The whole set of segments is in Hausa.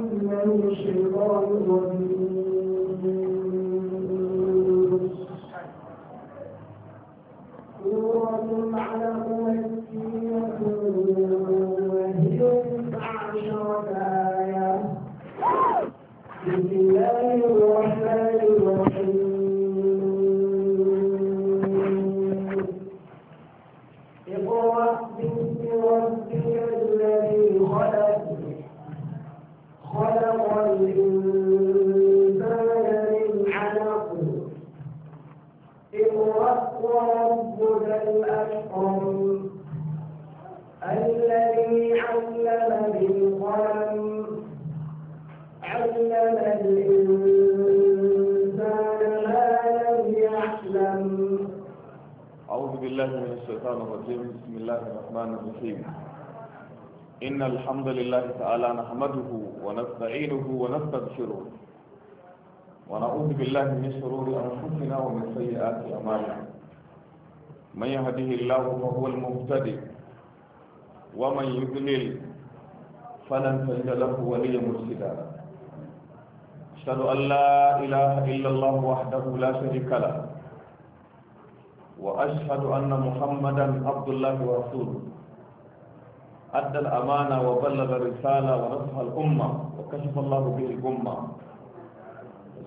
من الشيطان الرجيم ونعوذ بالله من شرور أنفسنا ومن سيئات أعمالنا من يهده الله فهو المهتدي ومن يضلل فلن تجد له وليا مرشدا أشهد أن لا إله إلا الله وحده لا شريك له وأشهد أن محمدا عبد الله ورسوله أدى الأمانة وبلغ الرسالة ونصح الأمة وكشف الله به الأمة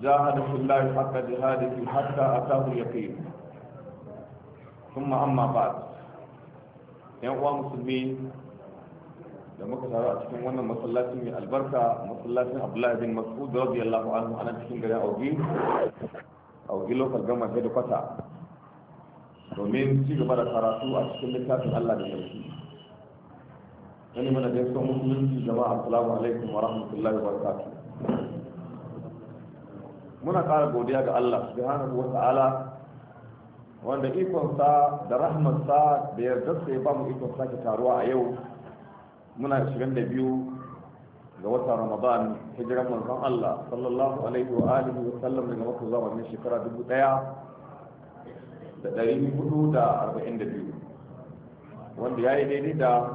جاهد في الله حق جهاده حتى أتاه اليقين ثم أما بعد ‘yan uwa musulmi da muka taru a cikin wannan masallacin mai albarka masallacin abdullahi bin mas'ud radiyallahu anhu ana cikin gari augi augi local government headquarter domin ci gaba da karatu a cikin littafin Allah da sarki wani mana da yaso musulunci jama'a assalamu alaikum wa rahmatullahi wa muna ƙara godiya ga Allah subhanahu wa ta'ala wanda ikonsa da rahmarsa da yardarsa ya ba mu ikon sake taruwa a yau muna biyu ga watan Ramadan hijiran manzon Allah sallallahu alaihi wa alihi wa sallam daga Makka zuwa wannan shekara 1442 wanda yayi daidai da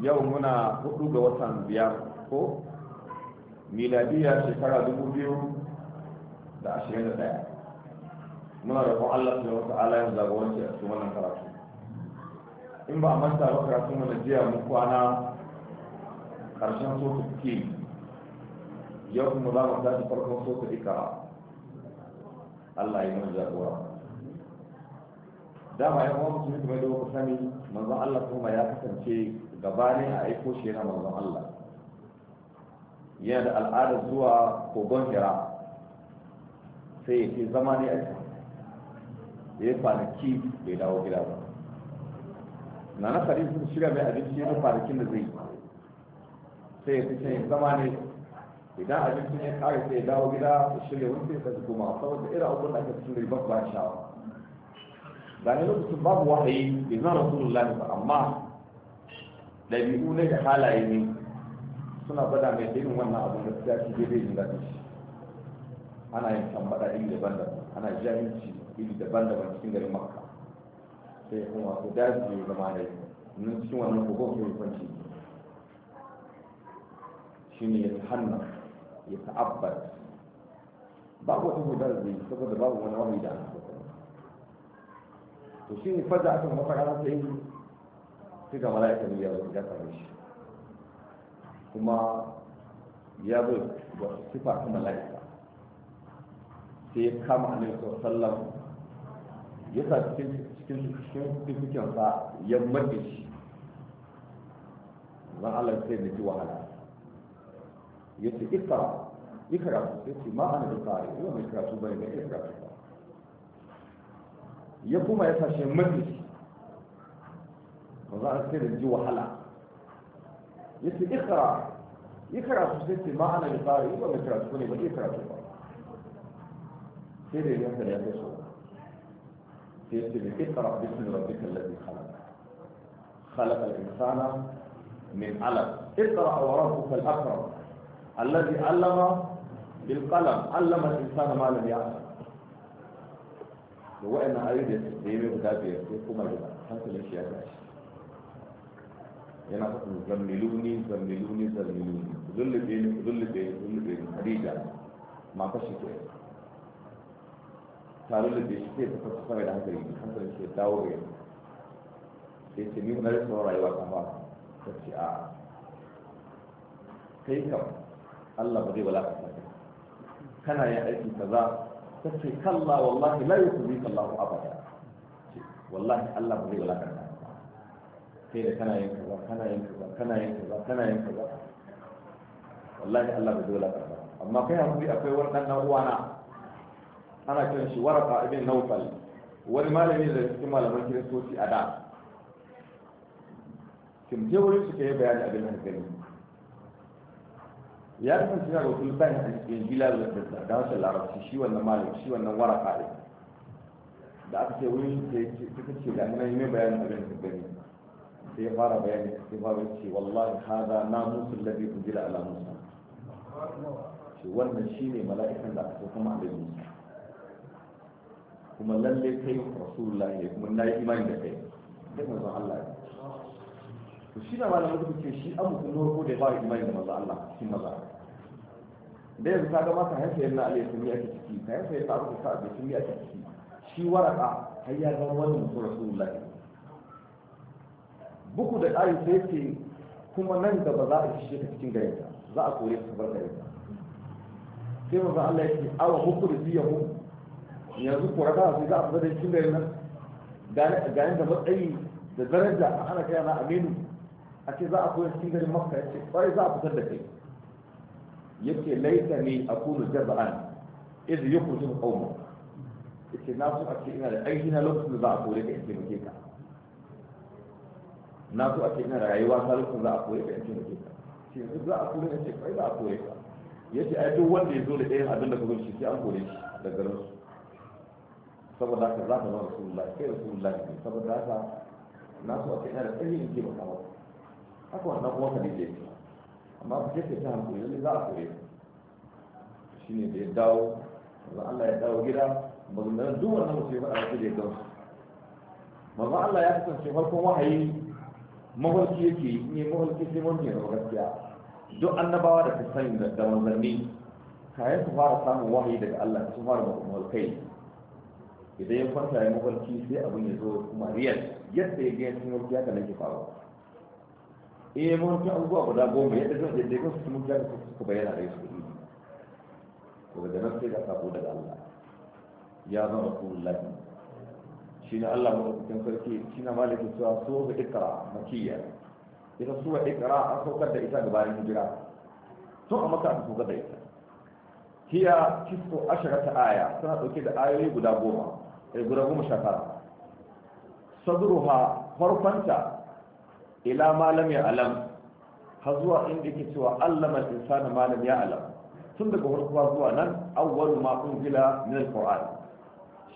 yau muna hudu ga watan biyar ko miladiya shekara dubu biyu da ashirin da ɗaya muna roƙon Allah su wata ala yin zagawanci a cikin wannan karatu in ba a manta ba karatu na jiya mun kwana ƙarshen sotu ke yau kuma za mu tashi farkon sotu ikara Allah ya yi mana jagora dama yan uwan musulmi kamar da kuka sani manzon Allah kuma ya kasance gabanin a aiko shi yana manzon Allah yana da al'adar zuwa kogon hira sai ya ce zama ne a can ya yi kwanaki bai dawo gida ba na na kari sun shiga mai abinci yana kwanakin da zai sai ya fi can zama ne idan abincin ya kare sai ya dawo gida ya shirya wani sai ya koma saboda irin abubuwan da aka cikin ribar ba shawa gane lokacin babu wahayi bai zan rasulullahi ba amma ɗabi'u ne da halaye ne suna bada mai irin wannan abin da su ya ci daidai da shi ana yin tambada iri daban-daban ana jahilci iri daban-daban cikin garin makka sai kuma ku daji ya zama da nan cikin wannan kogon yi kwanci shi ne ya ta hannu ya ta ba babu wata hudar zai saboda babu wani wani da ana to shi ne fadda aka mafa rana ta yi sai ga mala'ika ya zo ya same shi kuma ya zo da sifa ta mala'ika sai ya kama annabi sallallahu ya sa cikin cikin cikin sa ya mace shi zan Allah sai da ji wahala ya ce ikara ikra sai ce ma ana da tsari yau mai karatu bane da ikra ya kuma ya sa shi mace shi zan sai da ji wahala ya ce ikara ikra sai ce ma ana da tsari yau mai karatu bane ba ikra ba تري وانت لا تشعر تبتدي تقرا باسم ربك الذي خلق خلق الانسان من علق اقرا وربك الاكرم الذي علم بالقلم علم الانسان ما لم يعلم هو ان اريد يستخدمه اريد بيكون اريد حتى الاشياء ماشي انا قلت زملوني زملوني زملوني ظل بيني ظل بيني ظل بيني خديجه اريد فيش كده tare da bai shi ta fasa sama da hankali hankali shi dawo ga yanzu sai ce ni kuma da sauran rayuwa ta ba ta ce a kai kam Allah ba zai walakanta ka kana yin aiki kaza ta ce kalla wallahi la kalla kallahu abada wallahi Allah ba zai walakanta ta. kai da kana yin kaza kana yin kaza kana yin kaza kana yin kaza wallahi Allah ba zai walakanta amma kai hakuri akwai wani dan uwana ana kiran shi waraka ibn nawfal wani malami da cikin malaman kiristoci a da je wurin su kai bayani abin da gani ya cewa yana rubutu littafin a cikin gila da da wasu larabci shi wannan malam shi wannan waraka ne da aka ce wurin da ya ce da nan yi mai bayanin abin da gani sai ya fara bayani sai fara ce wallahi hada namusul ladhi unzila ala musa wannan shine mala'ikan da aka kuma abin musa kuma lalle kai rasulullahi ne kuma na yi imani da kai sai mazan Allah ne to shi na malamin da kuke shi an mutum ko da ba imani da mazan Allah cikin maza da yanzu ka ga masa haifa yana alayhi yi ake ciki ka haifa yana abu ka abu sunni ake ciki shi waraka har ya zama wani mutum rasulullahi buku da ƙari sai ce kuma nan gaba za a fishe ka cikin garinka za a kore ka bar garinka sai mazan Allah ya ce awa hukuri biya hukuri yanzu kora ta su za a fita da cikin garin nan gane da matsayi da daraja a ana kai na aminu a ce za a koyar cikin garin makka ya ce kwarai za a fitar da kai yake laita ne a kunu jaza'an idan ya kusa mu Ya ce na so a ce ina da aiki na lokacin da za a kore ka in taimake ka na so a ce ina da rayuwa ta lokacin za a kore ka in taimake ka ce yanzu za a kore ka ce kwarai za a kore ka yace ai duk wanda ya zo da ɗayan abin da ka zo shi sai an kore shi da garin saboda haka za ka zama rasulullahi kai rasulullahi ne saboda haka na so a kai da tsaye in ke ba kawo haka wannan kuma ka ne amma ba kai ta hankali lalle za a kure shi ne da ya dawo maza Allah ya dawo gida magandanar duk wannan mutum ya faɗa wasu da ya gamsu maza Allah ya kasance farkon wahayi mafarki yake yi ne mahalci sai wani yana gaskiya duk annabawa da ta sani da manzanni kayan su fara samun wahayi daga Allah su fara mahalkai idan ya kwanta ya mafarki sai abin ya zo kuma riyal yadda ya ga cikin mafarki haka nake faru. in eh, ya mafarki abubuwa guda goma yadda zan yadda ya ga cikin ya haka suka bayyana da su kudi to da nan sai ga sako daga Allah ya zama lafi shi na Allah mai cikin sarki shi na malaki cewa so ga ikara makiyya ita suwa ikara an saukar da ita gabanin hijira tun a maka aka saukar da ita hiya kisko ashirata aya suna ɗauke da ayoyi guda goma Eh, guda goma sha tara sadruha farkonta ila malam ya alam zuwa inda yake cewa allama insana malam ya alam tun daga farko zuwa nan awwalu ma unzila min alquran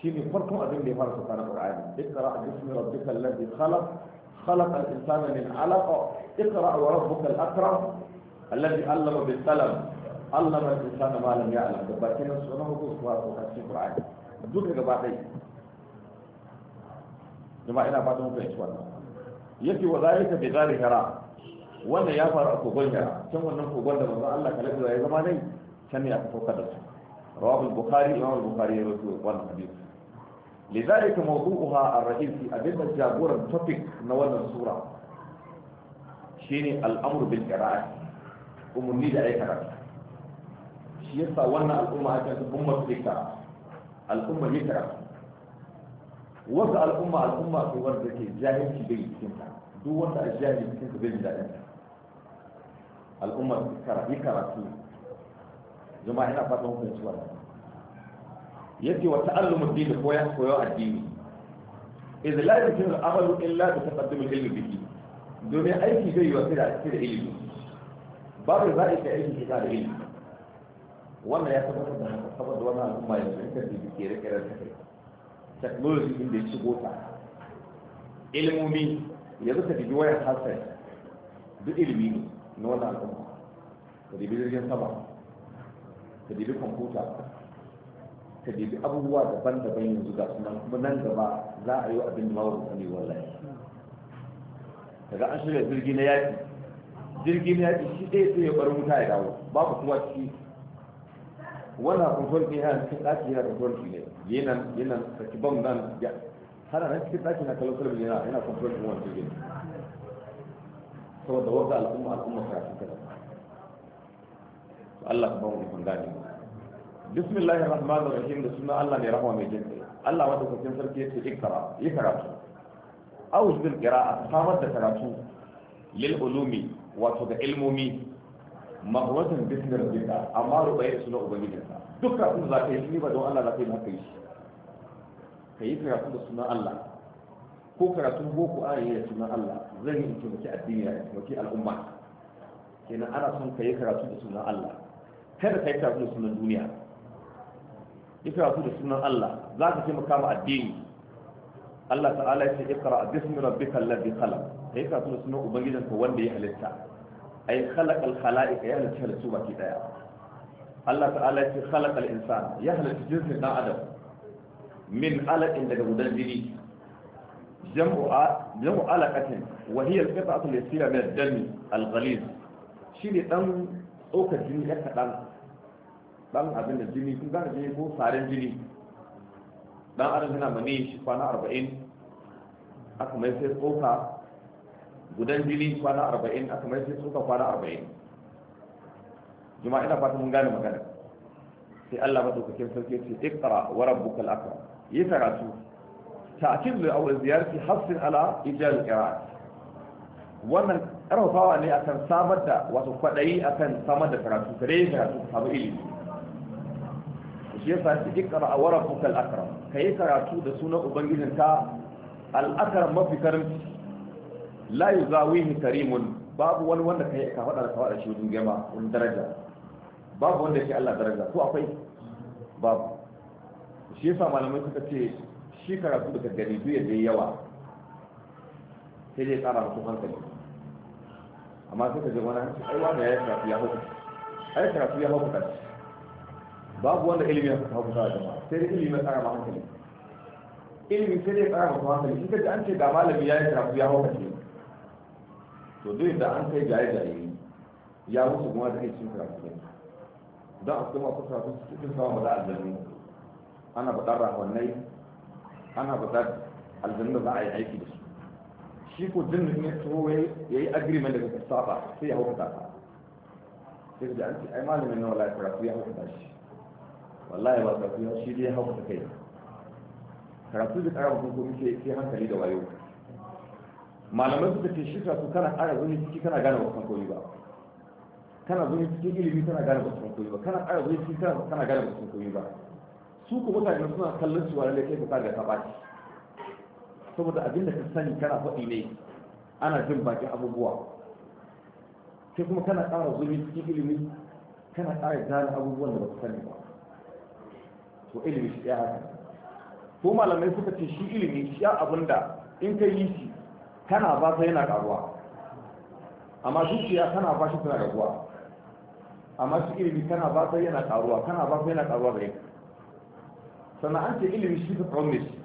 shine farkon abin da ya fara tsakanin qur'ani ikra bismi rabbikal ladhi khalaq خلق الإنسان من علق اقرأ وربك الأكرم الذي علم بالقلم علم الإنسان ما لم يعلم دبا كنا سنه سبحانه وتعالى القرآن دوك غبا jama'a ina fatan mun fahimci wannan yake wa zalika bi zalika wannan ya faru a kogon yara can wannan kogon da manzo Allah kala da ya zama nai can ne aka saukar da su rawahu al-bukhari imam al-bukhari ya rawaito wannan hadisi لذلك موضوعها jagoran topic na wannan sura shine شيني الأمر بالقراءة أمني da أي قراءة shi yasa wannan al'umma ake su umma su kira al'umma ne kira wasu al'umma al'umma su wanda ke jahilci bai cikin ta duk wanda a jahilci cikin su bai jin daɗin ta al'umma su karatu karatu jama'a ina fatan hukunci wannan yace wa ta'allumu dini ko ya koyo addini idza la yakunu al-amalu illa bi taqaddum al-ilmi bihi domin aiki zai yiwa sai da aiki da ilimi babu za a yi aiki da ilimi wannan ya tabbatar da haka saboda wannan al'umma yanzu ita ce ke rike da take technology din da ya shigo ta ilimomi ya ka da wayar hassan duk ilimi ne na wannan al'umma ka dubi jirgin sama ka dubi kwamfuta ka dubi abubuwa daban-daban yanzu ga sunan kuma nan gaba za a yi abin da mawar sani wallahi daga an shirya jirgi na yaƙi jirgi na yaƙi shi ɗaya sai ya bar wuta ya dawo babu kuwa ciki wannan kwamfuta ɗin yana cikin ɗaki yana kwamfuta ne yinan yinan saki bam nan ya har nan cikin ɗakin na kallon kalbi yana yana control din wannan jirgin saboda wanda al'umma al'umma karatu kaza to Allah ba mu kun gane bismillahir rahmanir rahim da sunan Allah ne rahama mai jinkai Allah wanda kokin sarki yace ikra yi karatu awuz bil qira'a samar da karatu lil ulumi wato da ilmomi maghwatan bismi rabbika amma ruba rubayar na ubangijinka duk kafin za ka yi ba don Allah za ka yi haka yi ka yi karatu da sunan Allah ko karatun boko a yi da sunan Allah zan yi in taimaki addini na taimaki al'umma kenan ana son ka yi karatu da sunan Allah kada ka yi karatu da sunan duniya yi karatu da sunan Allah za ka taimaka makama addini Allah ta'ala ya ce ikra bismi rabbikal ladhi khalaq kai ka da sunan ubangijin ka wanda ya halitta A ay khalaqal khalaiqa ya halitta halittu baki daya Allah ta'ala ya ce khalaqal insana ya halitta jinsin ɗan adam min alaƙin daga gudan jini jam'u alaƙatin wahiyar kafa ta ya siya mai dami alƙalis shi ne ɗan ɗaukar jini ya kaɗan ɗan abin da jini sun gane jini ko sarin jini ɗan adam yana mani shi kwana arba'in aka mai sai tsoka gudan jini kwana arba'in aka mai sai tsoka kwana arba'in juma'a ina fata mun gane magana sai Allah madaukakin sarki ce iqra wa rabbukal akram yi karatu ta'kid li awal ziyarati hasin ala ijal qira'at wannan karfafawa ne akan samar da wato kwadayi akan samar da karatu kare karatu samu ilimi shi yasa shi iqra wa rabbukal akram kai karatu da sunan ubangijinka al-akram mafi karanci la yuzawihi karimun babu wani wanda kai ka faɗa da faɗa shi wajen gama wani daraja babu wanda ke Allah daraja ko akwai babu shi yasa malamai suka ce shi karatu da gani duk yadda yawa sai dai tsara su hankali amma sai ka je wani hanci ai wani ya yi karatu ya hukuta ai karatu ya hukuta babu wanda ilimin ya hukuta da jama'a sai dai ilimin ya tsara ma hankali ilimi sai dai tsara mutum hankali in ka ji an ce ga malami ya yi karatu ya hukuta to duk da an kai jaye-jaye ya wuce kuma da kai cin karatu ne don a kuma kusa su cikin sama ba za a ana faɗar rahonai ana faɗar aljannu da za a yi aiki da su shi ko jin da ya tuho ya yi agreement da kuka saba sai ya hukunta ta sai da an ce ai malamin na wallahi karatu ya hukunta shi wallahi ba karatu ya shi dai ya hukunta kai karatu da karamin kuma muke sai hankali da wayo malamai suka ce shi karatu kana ƙara zuni kana gane wasan koyi ba kana zo cikin ilimi kana gane ba sun koyi ba kana ƙara zo cikin kana kana gane ba sun koyi ba su ko mutane suna kallon cewa lalle kai ka ga ka baci saboda abin da ka sani kana faɗi ne ana jin baki abubuwa sai kuma kana ƙara zo cikin ilimi kana ƙara gane abubuwan da ba ka sani ba to ilimi shi ya haka ko malamai suka ce shi ilimi shi ya abin da in ka yi shi kana ba sa yana ƙaruwa amma zuciya kana ba shi tana raguwa amma shi ilimi kana ba sai yana karuwa kana ba sai yana karuwa da yanka sannan an ce ilimi shi ka kawon shi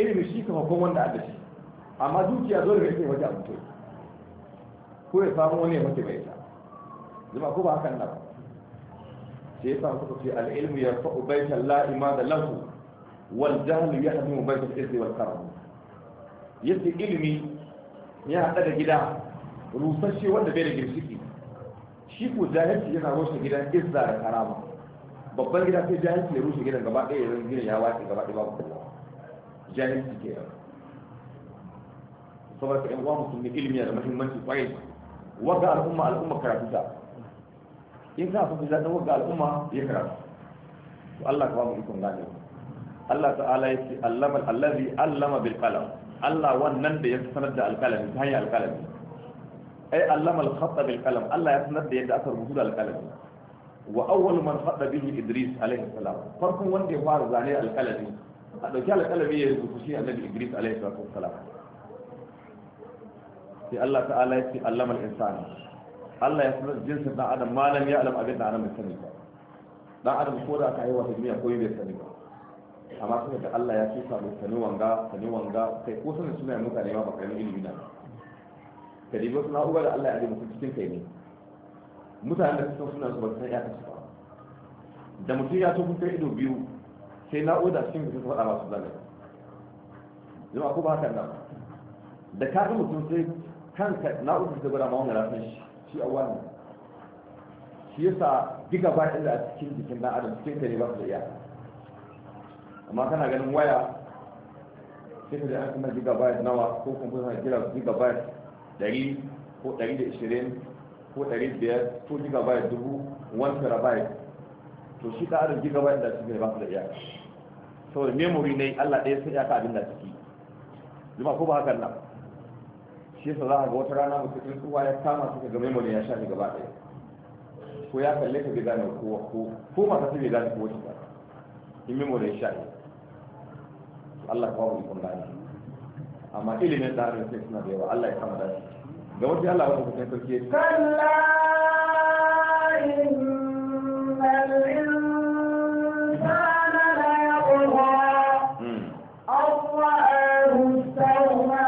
ilimi shi ka hukun wanda a shi amma dukiya zo da yake waje a to ko ya samu wani ya mace mai ta zama ko ba hakan nan sai ya samu kuka ce al'ilmu ya fa'u baita la'ima da lahu wal jahlu ya hadu baita izzi wal karamu yace ilimi ya hada da gida rusasshe wanda bai da girshi shi ko jahilci yana rushe gidan izza da karama babban gida sai jahilci ya rushe gidan gaba ɗaya yanzu gidan ya wace gaba ɗaya babu kowa jahilci ke nan saboda ƴan uwa musulmi ilimi da mahimmanci kwarai wagga al'umma al'umma karatu ta in ka fi zaɗin wagga al'umma ya karatu to Allah ka ba mu ikon gane Allah ta'ala ya ce allama allazi allama bil qalam Allah wannan da ya sanar da alqalami ta hanyar alqalami ai allama al-khatta bil qalam Allah ya sanar da yadda aka rubuta da alqalami wa awwal man khadda bihi Idris alaihi salam farkon wanda ya fara zane alqalami a dauki alqalami ya rubuta shi annabi Idris alaihi salam sai Allah ta'ala ya ce allama al-insana Allah ya sanar da jinsin dan adam malam ya alam abin da adam bai sani ba dan adam ko da aka yi wata duniya ko bai sani ba amma kuma da Allah ya tusa mai sani wanga sani wanga kai ko sanin suna mutane ma ba kai ilimi na ba ka nemi wasu na'ura da Allah ya nemi mutum cikin kai ne mutanen da suka suna su san iyakar su ba da mutum ya so kuka ido biyu sai na'ura cikin mutum su faɗa masu zane zama ko ba haka nan da ka ga mutum sai kanka na'ura da gwada ma wani rasan shi shi a wani shi yasa diga ba inda a cikin jikin na adam cikin kai ne ba su da iyaka amma kana ganin waya sai ka da an kuma gigabyte nawa ko kuma gigabyte 100 ko 120 ko 500 ko gigabyte dubu 1 terabyte to shi ka giga gigabyte da shi ne ba su da iya saboda memory ne Allah ɗaya sai yaka abin da ciki zuma ko ba hakan nan shi yasa za ka ga wata rana mutum kowa ya kama suka ga memory ya shafi gaba ɗaya ko ya kalle ka bai gane kowa ko ko mata ta bai gane ko wata ba in memory ya shafi Allah ka ba mu ikon gane amma ilimin da sai suna da yawa Allah ya kama da shi ga wajen Allah wata kusan sarki yake kalla innal insana la yaqwa Allahu sawma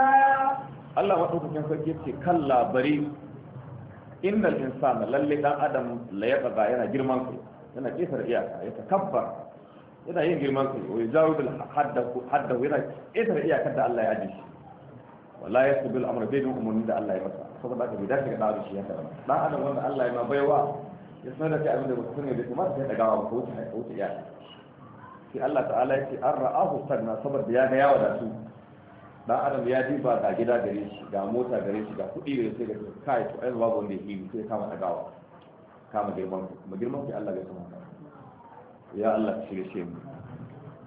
Allah wata kusan sarki yake kalla bari innal insana lalle dan adam la yaqwa yana girman kai yana kesa da iyaka ya takabbar yana yin girman kai wa yajawu bil hadda hadda yana kesa da iyakar da Allah ya ajiye shi wala ya su bil amr bai bin da Allah ya masa saboda haka bai dace ga da shi ya karama dan adam wanda Allah ya ma baiwa ya sanar da kai abin da baka sani bai kamata kai gawa ba ko wuce ko wuce ya sai Allah ta'ala yake an sanna saboda ya ga yawa da su dan adam ya diba ga gida gare shi ga mota gare shi ga kuɗi gare shi ga kai to ai babu wanda ya yi sai kama dagawa kama girman kuma girman sai Allah ya kama ya Allah shi shi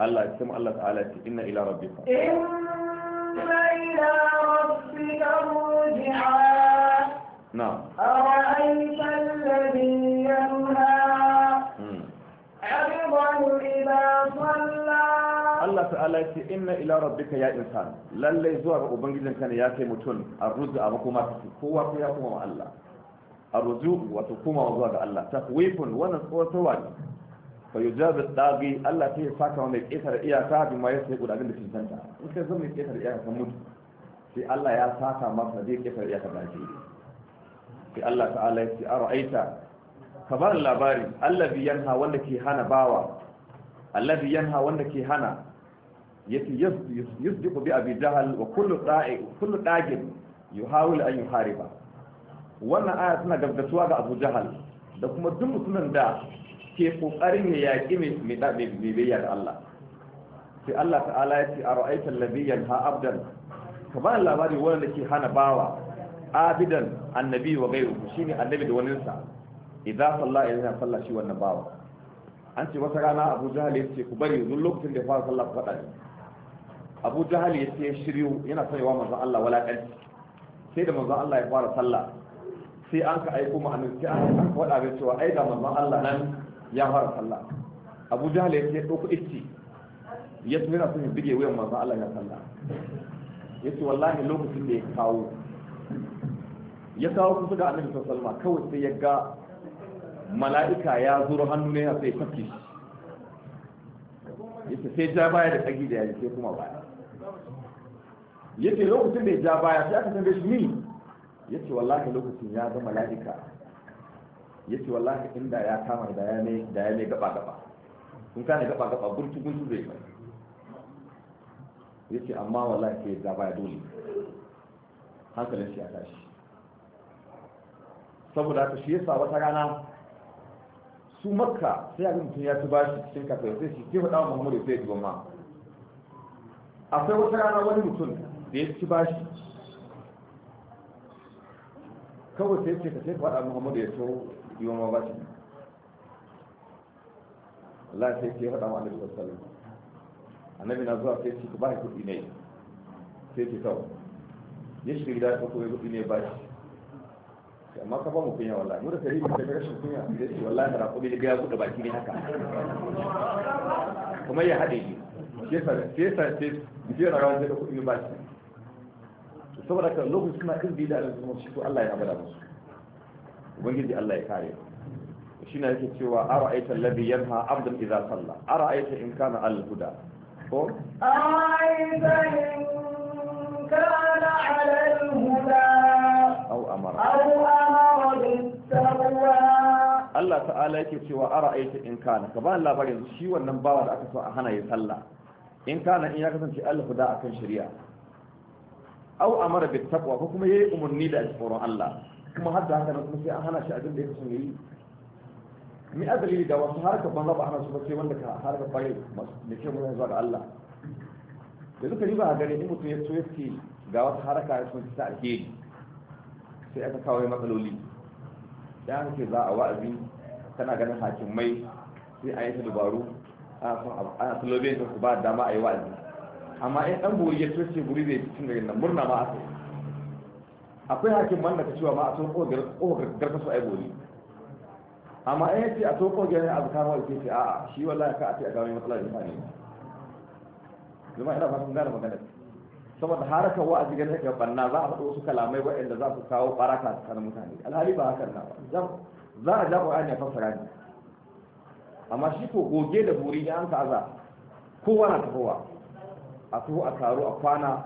Allah ya kuma Allah ta'ala ya ce inna ila rabbika ثم إلى ربك Allah ce inna ila rabbika ya insan lallai zuwa ga ubangijin ne ya kai mutum arruzu a makoma ta kowa ko ya kuma ma Allah arruzu wato kuma zuwa ga Allah takwifun wannan tsotowa ne fa yujazu dagi Allah sai ya saka wa mai ƙetar iyaka bi ma ya sai gudanin da cancanta in kai zama mai ƙetar iyaka ta mutu sai Allah ya saka masa zai ƙetar iyaka da ke sai Allah ta'ala ya ce a ra'aita ka bar labari Allah allazi yanha wanda ke hana bawa Allah allazi yanha wanda ke hana ya yace yusdiqu bi abi jahl wa kullu da'i kullu dagin yuhawil an yuhariba wannan aya tana gaggatuwa ga Abu Jahal da kuma duk mutumin da ke kokarin ya yaƙi mai biyayya da Allah sai Allah ta'ala ya ce a ra'aitar labiyan ha abdan ka ba labari wanda ke hana bawa abidan annabi wa gairu shi ne annabi da waninsa idan sallah ya idan sallah shi wannan bawa an ce wata rana Abu Jahal ya ce ku bari duk lokacin da ya fara sallah ku faɗa ne. Abu Jahal ya ce shiryu yana son yawa manzon Allah walakanci sai da manzon Allah ya fara sallah sai an ka aiko mu annabi sai an ka faɗa mai cewa ai ga manzon Allah nan ya fara sallah abu jahal ya ce ɗauko isti ya tuni na sun bige wuyan manzo Allah ya sallah ya ce wallahi lokacin da ya kawo ya kawo kusa ga annabi sallallahu alaihi kawai sai ya ga mala'ika ya zuro hannu ne sai ya ce shi yace sai ja baya da tsagi da yaji sai kuma baya yace lokacin da ya ja baya sai aka tambaye shi Ya yace wallahi lokacin ya ga mala'ika yace wallahi inda ya kama da ya ne da ya ne gaba gaba in kana gaba gaba gurtu gurtu zai mai yace amma wallahi ke da baya dole hankalin shi ya tashi saboda haka shi yasa wata rana su makka sai a mutum ya ci bashi cikin kafa sai shi ke faɗa wa muhammadu sai ya ma akwai wata rana wani mutum da ya ci bashi kawai sai ce ka sai faɗa muhammadu ya so ma ba ce Allah sai ke faɗa wa Annabi sallallahu alaihi Annabi na zuwa sai ce ba kuɗi ne sai ce kawo ya shiga gida ta ne ba shi amma ka ba mu kunya wallahi mu da kare mu da rashin kunya sai ce wallahi da raƙumi da ga buɗe baki ne haka kuma ya haɗe ni sai sa sai sa na rawa da kuɗi ba shi saboda kan lokacin suna kan da Allah ya musu ubangiji Allah ya kare shi na yake cewa ara'aita alladhi yanha abdan idza salla ara'aita in kana al huda ko ara'aita in kana ala al huda aw amara aw amara bittaqwa Allah ta'ala yake cewa ara'aita in kana ka ba labarin shi wannan bawa da aka so a hana ya sallah in kana in ya kasance al huda akan shari'a aw amara bittaqwa ko kuma yayi umurni da tsoron Allah kuma har da haka nan kuma sai an hana shi abin da ya kasan yayi ni azali da wasu harkar banza ba hana su ba sai wanda ka harkar bayan masu da ke mu zuwa ga Allah da duka riba gare in mutum ya so ce, ga wata haraka ya sun ta alheri sai aka kawo ya matsaloli da aka ce za a wa'azi tana ganin hakimai sai a yi ta dubaru a ta su ba dama a yi wa'azi amma in ɗan buri ya so ce guri zai cikin daga nan murna ma a yi akwai hakim man da ka cewa ma a tsohon ƙogar garkasu a goli amma a yace a tsohon ƙogar ne abu kama ke ce a'a shi wallahi ka a ce a gami matsalar da ne zama ina fatan gane magana saboda harakar a jigar ta banna za a faɗo wasu kalamai ba inda za su kawo baraka tsakanin mutane alhali ba hakan na ba za a ja ƙwa'ani a fassara ne amma shi ko goge da buri ya an ka aza kowa na tafowa a tuhu a taro a kwana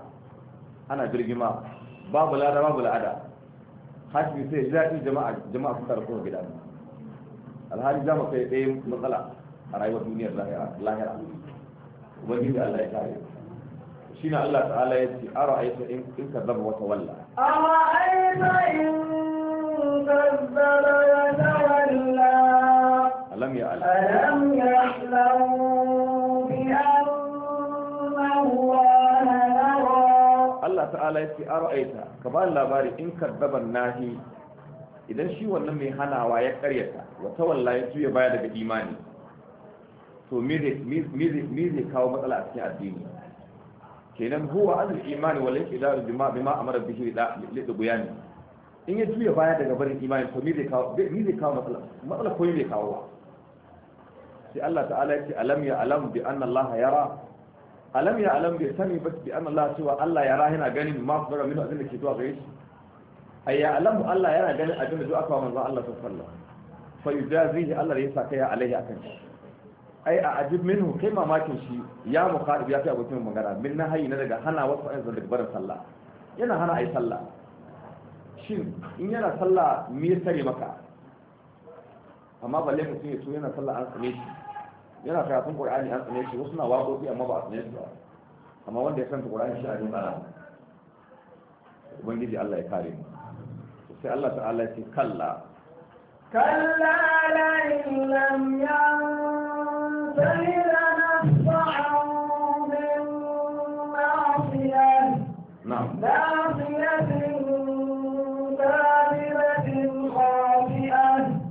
ana birgima babu lada babu la'ada hashimi sai daɗi jama'a jama'a su tarko gida alhali za mu kai ɗaya matsala a rayuwar duniyar lahira ubangiji Allah ya kare shi na Allah ta'ala ya ce ara aita in ka zaba wata walla ara aita in ka zaba wata walla alam ya alam alam ya alam Allah ta'ala ya ce ara'aita ka ba labari in kaddaban nahi idan shi wannan mai hanawa ya karyata wa tawalla ya juya baya daga imani to me zai kawo matsala a cikin addini kenan huwa azul imani wal iqdar bima bima amara bihi da liduguyani in ya juya baya daga barin imani to me zai kawo me kawo matsala matsala ko me kawo sai Allah ta'ala ya ce alam ya alam bi anna Allah yara alam ya alam bai sani ba bi an Allah cewa Allah ya rahina ganin ma su zara minu abin ke zuwa gare shi ayya alam Allah yana ganin abin da zuwa aka manzo Allah sallallahu alaihi wasallam fa yujazihi Allah ya saka ya alaihi akan shi ai a ajib minhu kai mamakin shi ya muqarib ya fi abokin magana min nahayi na daga hana wasu ayyuka daga barin sallah yana hana ai sallah shin in yana sallah me ya sare maka amma balle mutum ya so yana sallah an same shi yana karatun qur'ani an tsane shi wasu na waƙoƙi amma ba a tsane su ba amma wanda ya santa qur'ani shi a nuna ubangiji Allah ya kare mu sai Allah ta'ala ya ce kalla kalla la lam ya lanafsa'an bin nasiyan na'am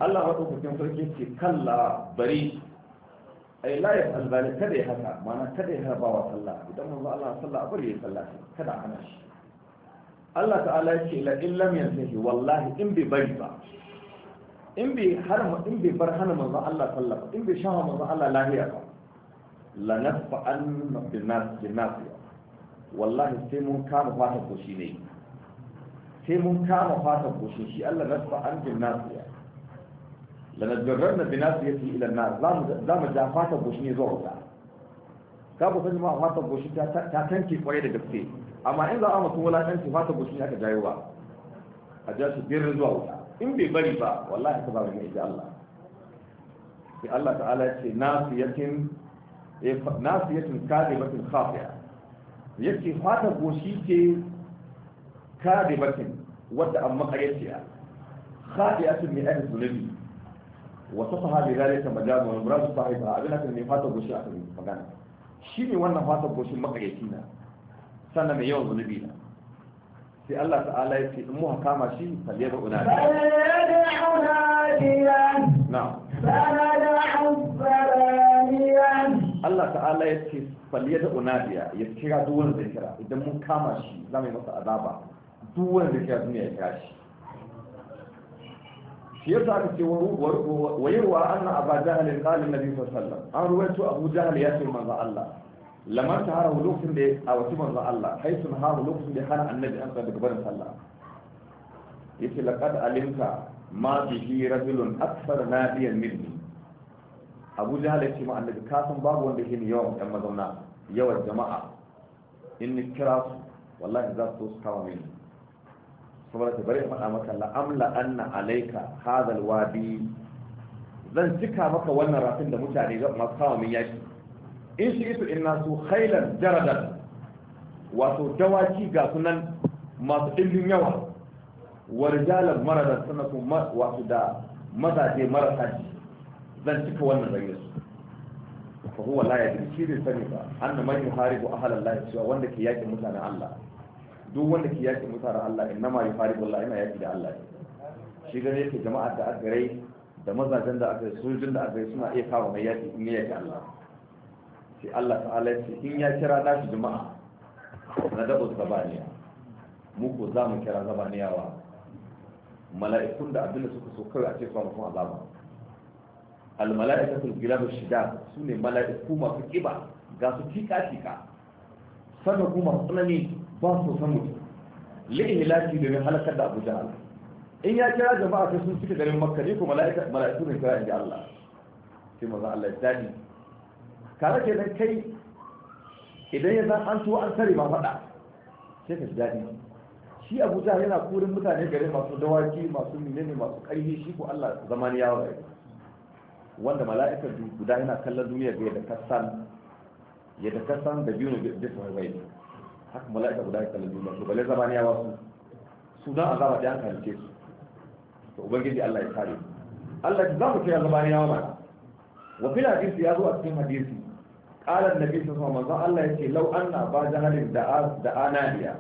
Allah wa ɗaukakin sarki ce kalla bari ai la ya albani kada ya haka mana kada ya harba wa sallah idan manzo Allah sallah bari ya sallah kada ana shi Allah ta'ala yake la in lam yantahi wallahi in bai bari ba in bai har in bai bar hana manzo Allah sallah ba in bai shafa manzo Allah lahiya ba la nasfa an binas binas wallahi sai mun kama fata ko shi ne sai mun kama fata ko shi Allah nasfa an binas لما تجربنا بناس بناصيته إلى النار زام جعفاتا بوشني زور ذا كابو سنجي ما فاتا بوشني تا تنتي قوية دكتي أما إن لا أما تقول أنا تنتي فاتا بوشني هكا جايوا أجاش بير زور ذا إن بي بري با والله تبارك من إجا الله في الله تعالى ناصية ناصية كاذبة خاطئة yake fata goshi ce kadibatin wadda an makaryaciya khadiya sun mai aiki zunubi wata ta hali zai ta majalu wani buransu ta haifa abin haka ne fatar goshi a kan magana shi ne wannan fatar goshin makayyaki na sannan mai yawan zunubi na sai Allah ta'ala ya ce in muka kama shi fa liya ba una da Allah ta'ala ya ce fa liya da una da ya kira duk wanda ya kira idan mun kama shi za yi masa azaba duk wanda ya kira duniya ya kira shi shi yasa aka ce wayarwa anna aba jahalin qalin nabi sallallahu alaihi wasallam an ruwaito abu jahal ya ce manzo Allah lamar ta harahu lokacin da a wasu manzo Allah kai sun harahu lokacin da hana annabi an tsada gaban sallah yace laqad alimta ma bihi rajulun akthar nadiyan minni abu jahal yace ma annabi ka san babu wanda yake yawan dan mazauna yawan jama'a in ni kira wallahi za su kawo mini saboda ta bari faɗa maka la'amla anna alaika hadal wadi zan cika maka wannan rafin da mutane masu kawo min yaki in shi ito in su khailan jaradan wato dawaki ga sunan masu ɗimbin yawa wa rijalan maradan suna su wato da mazaje marasa ji zan cika wannan rayuwar su fa huwa la yadri shi ne sani ba anna man yuharibu ahla Allah cewa wanda ke yakin mutanen Allah duk wanda ke yaki mutara Allah inna ma fari wallahi ina yaki da Allah shi gani yake jama'a da aka rai da mazajen da aka sojin da aka suna iya kawo mai yaki in yaki Allah sai Allah ta'ala ce in ya kira nashi jama'a na dabo zabaniya mu ko za mu kira zabaniyawa mala'ikun da abinda suka so kawai a ce su mutum azaba al mala'ikatu gilabu shida sune mala'iku masu kiba ga su tika tika sanu kuma tsanani ba su san mutum li'ihlaki domin halakar da abu in ya kira jama'a sai sun suke garin makka ne ko mala'ika mala'iku ne kira inda Allah sai manzo Allah ya dadi kare ke nan kai idan ya san an tuwa an sare ma faɗa sai ka ji dadi shi abuja yana kurin mutane garin masu dawaki masu menene masu ƙarfi shi ko Allah zamani ya waye wanda mala'ikar guda yana kallon duniya ga yadda kasan yadda kasan da biyu ne bisa wai haka mala'ika guda ta lalu ba to bale zamaniyawa su su dan azaba da an halice su to ubangiji Allah ya kare Allah ya zamu kai zamaniyawa ba wa fil hadisi ya zo a cikin hadisi qala annabi sallallahu alaihi wasallam Allah yace law anna ba jahalin da da ananiya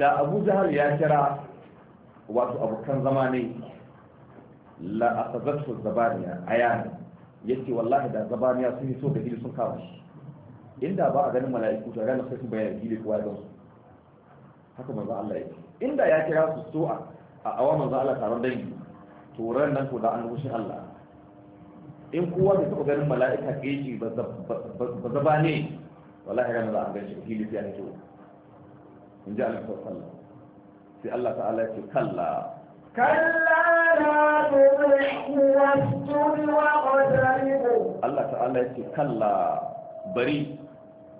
da Abu Jahal ya kira wato abokan zama ne la asazatu zabaniya ayani yace wallahi da zabaniya sun yi so da hili sun kawo shi inda ba a ganin mala'iku to ranar sai sun bayyana gidi kowa don su haka manzo Allah yake inda ya kira su so a awa manzo Allah taron dangi to ran nan ko da an rushe Allah in kowa bai taɓa ganin mala'ika keji ba zaba ne wallahi ranar da an gan shi gidi ya ne to in ji Allah sallallahu sai Allah ta'ala ya ce kalla kalla la tuzhu wasjud waqtarib Allah ta'ala ya ce kalla bari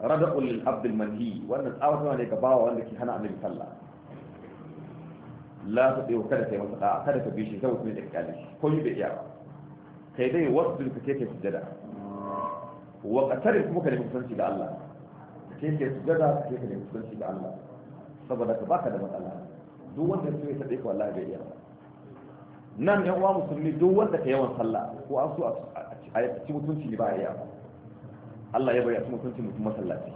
rada'ul abdul manhi wannan tsawon ne ga bawa wanda ke hana annabi sallah la ta tsayo kada kai masa da'a kada ka bi shi saboda da kyale ko yi bai iya ba kai dai wasu ka keke su sujada wa qatari kuma ka nemi kusanci ga Allah Ka keke su kai ka nemi kusanci ga Allah saboda ka baka da matsala duk wanda ya tabe ka wallahi bai iya ba nan yan uwa musulmi duk wanda ka yawan sallah ko an so a ci mutunci ne ba ya iya ba Allah ya bari a cikin mutuncin mutum masallaci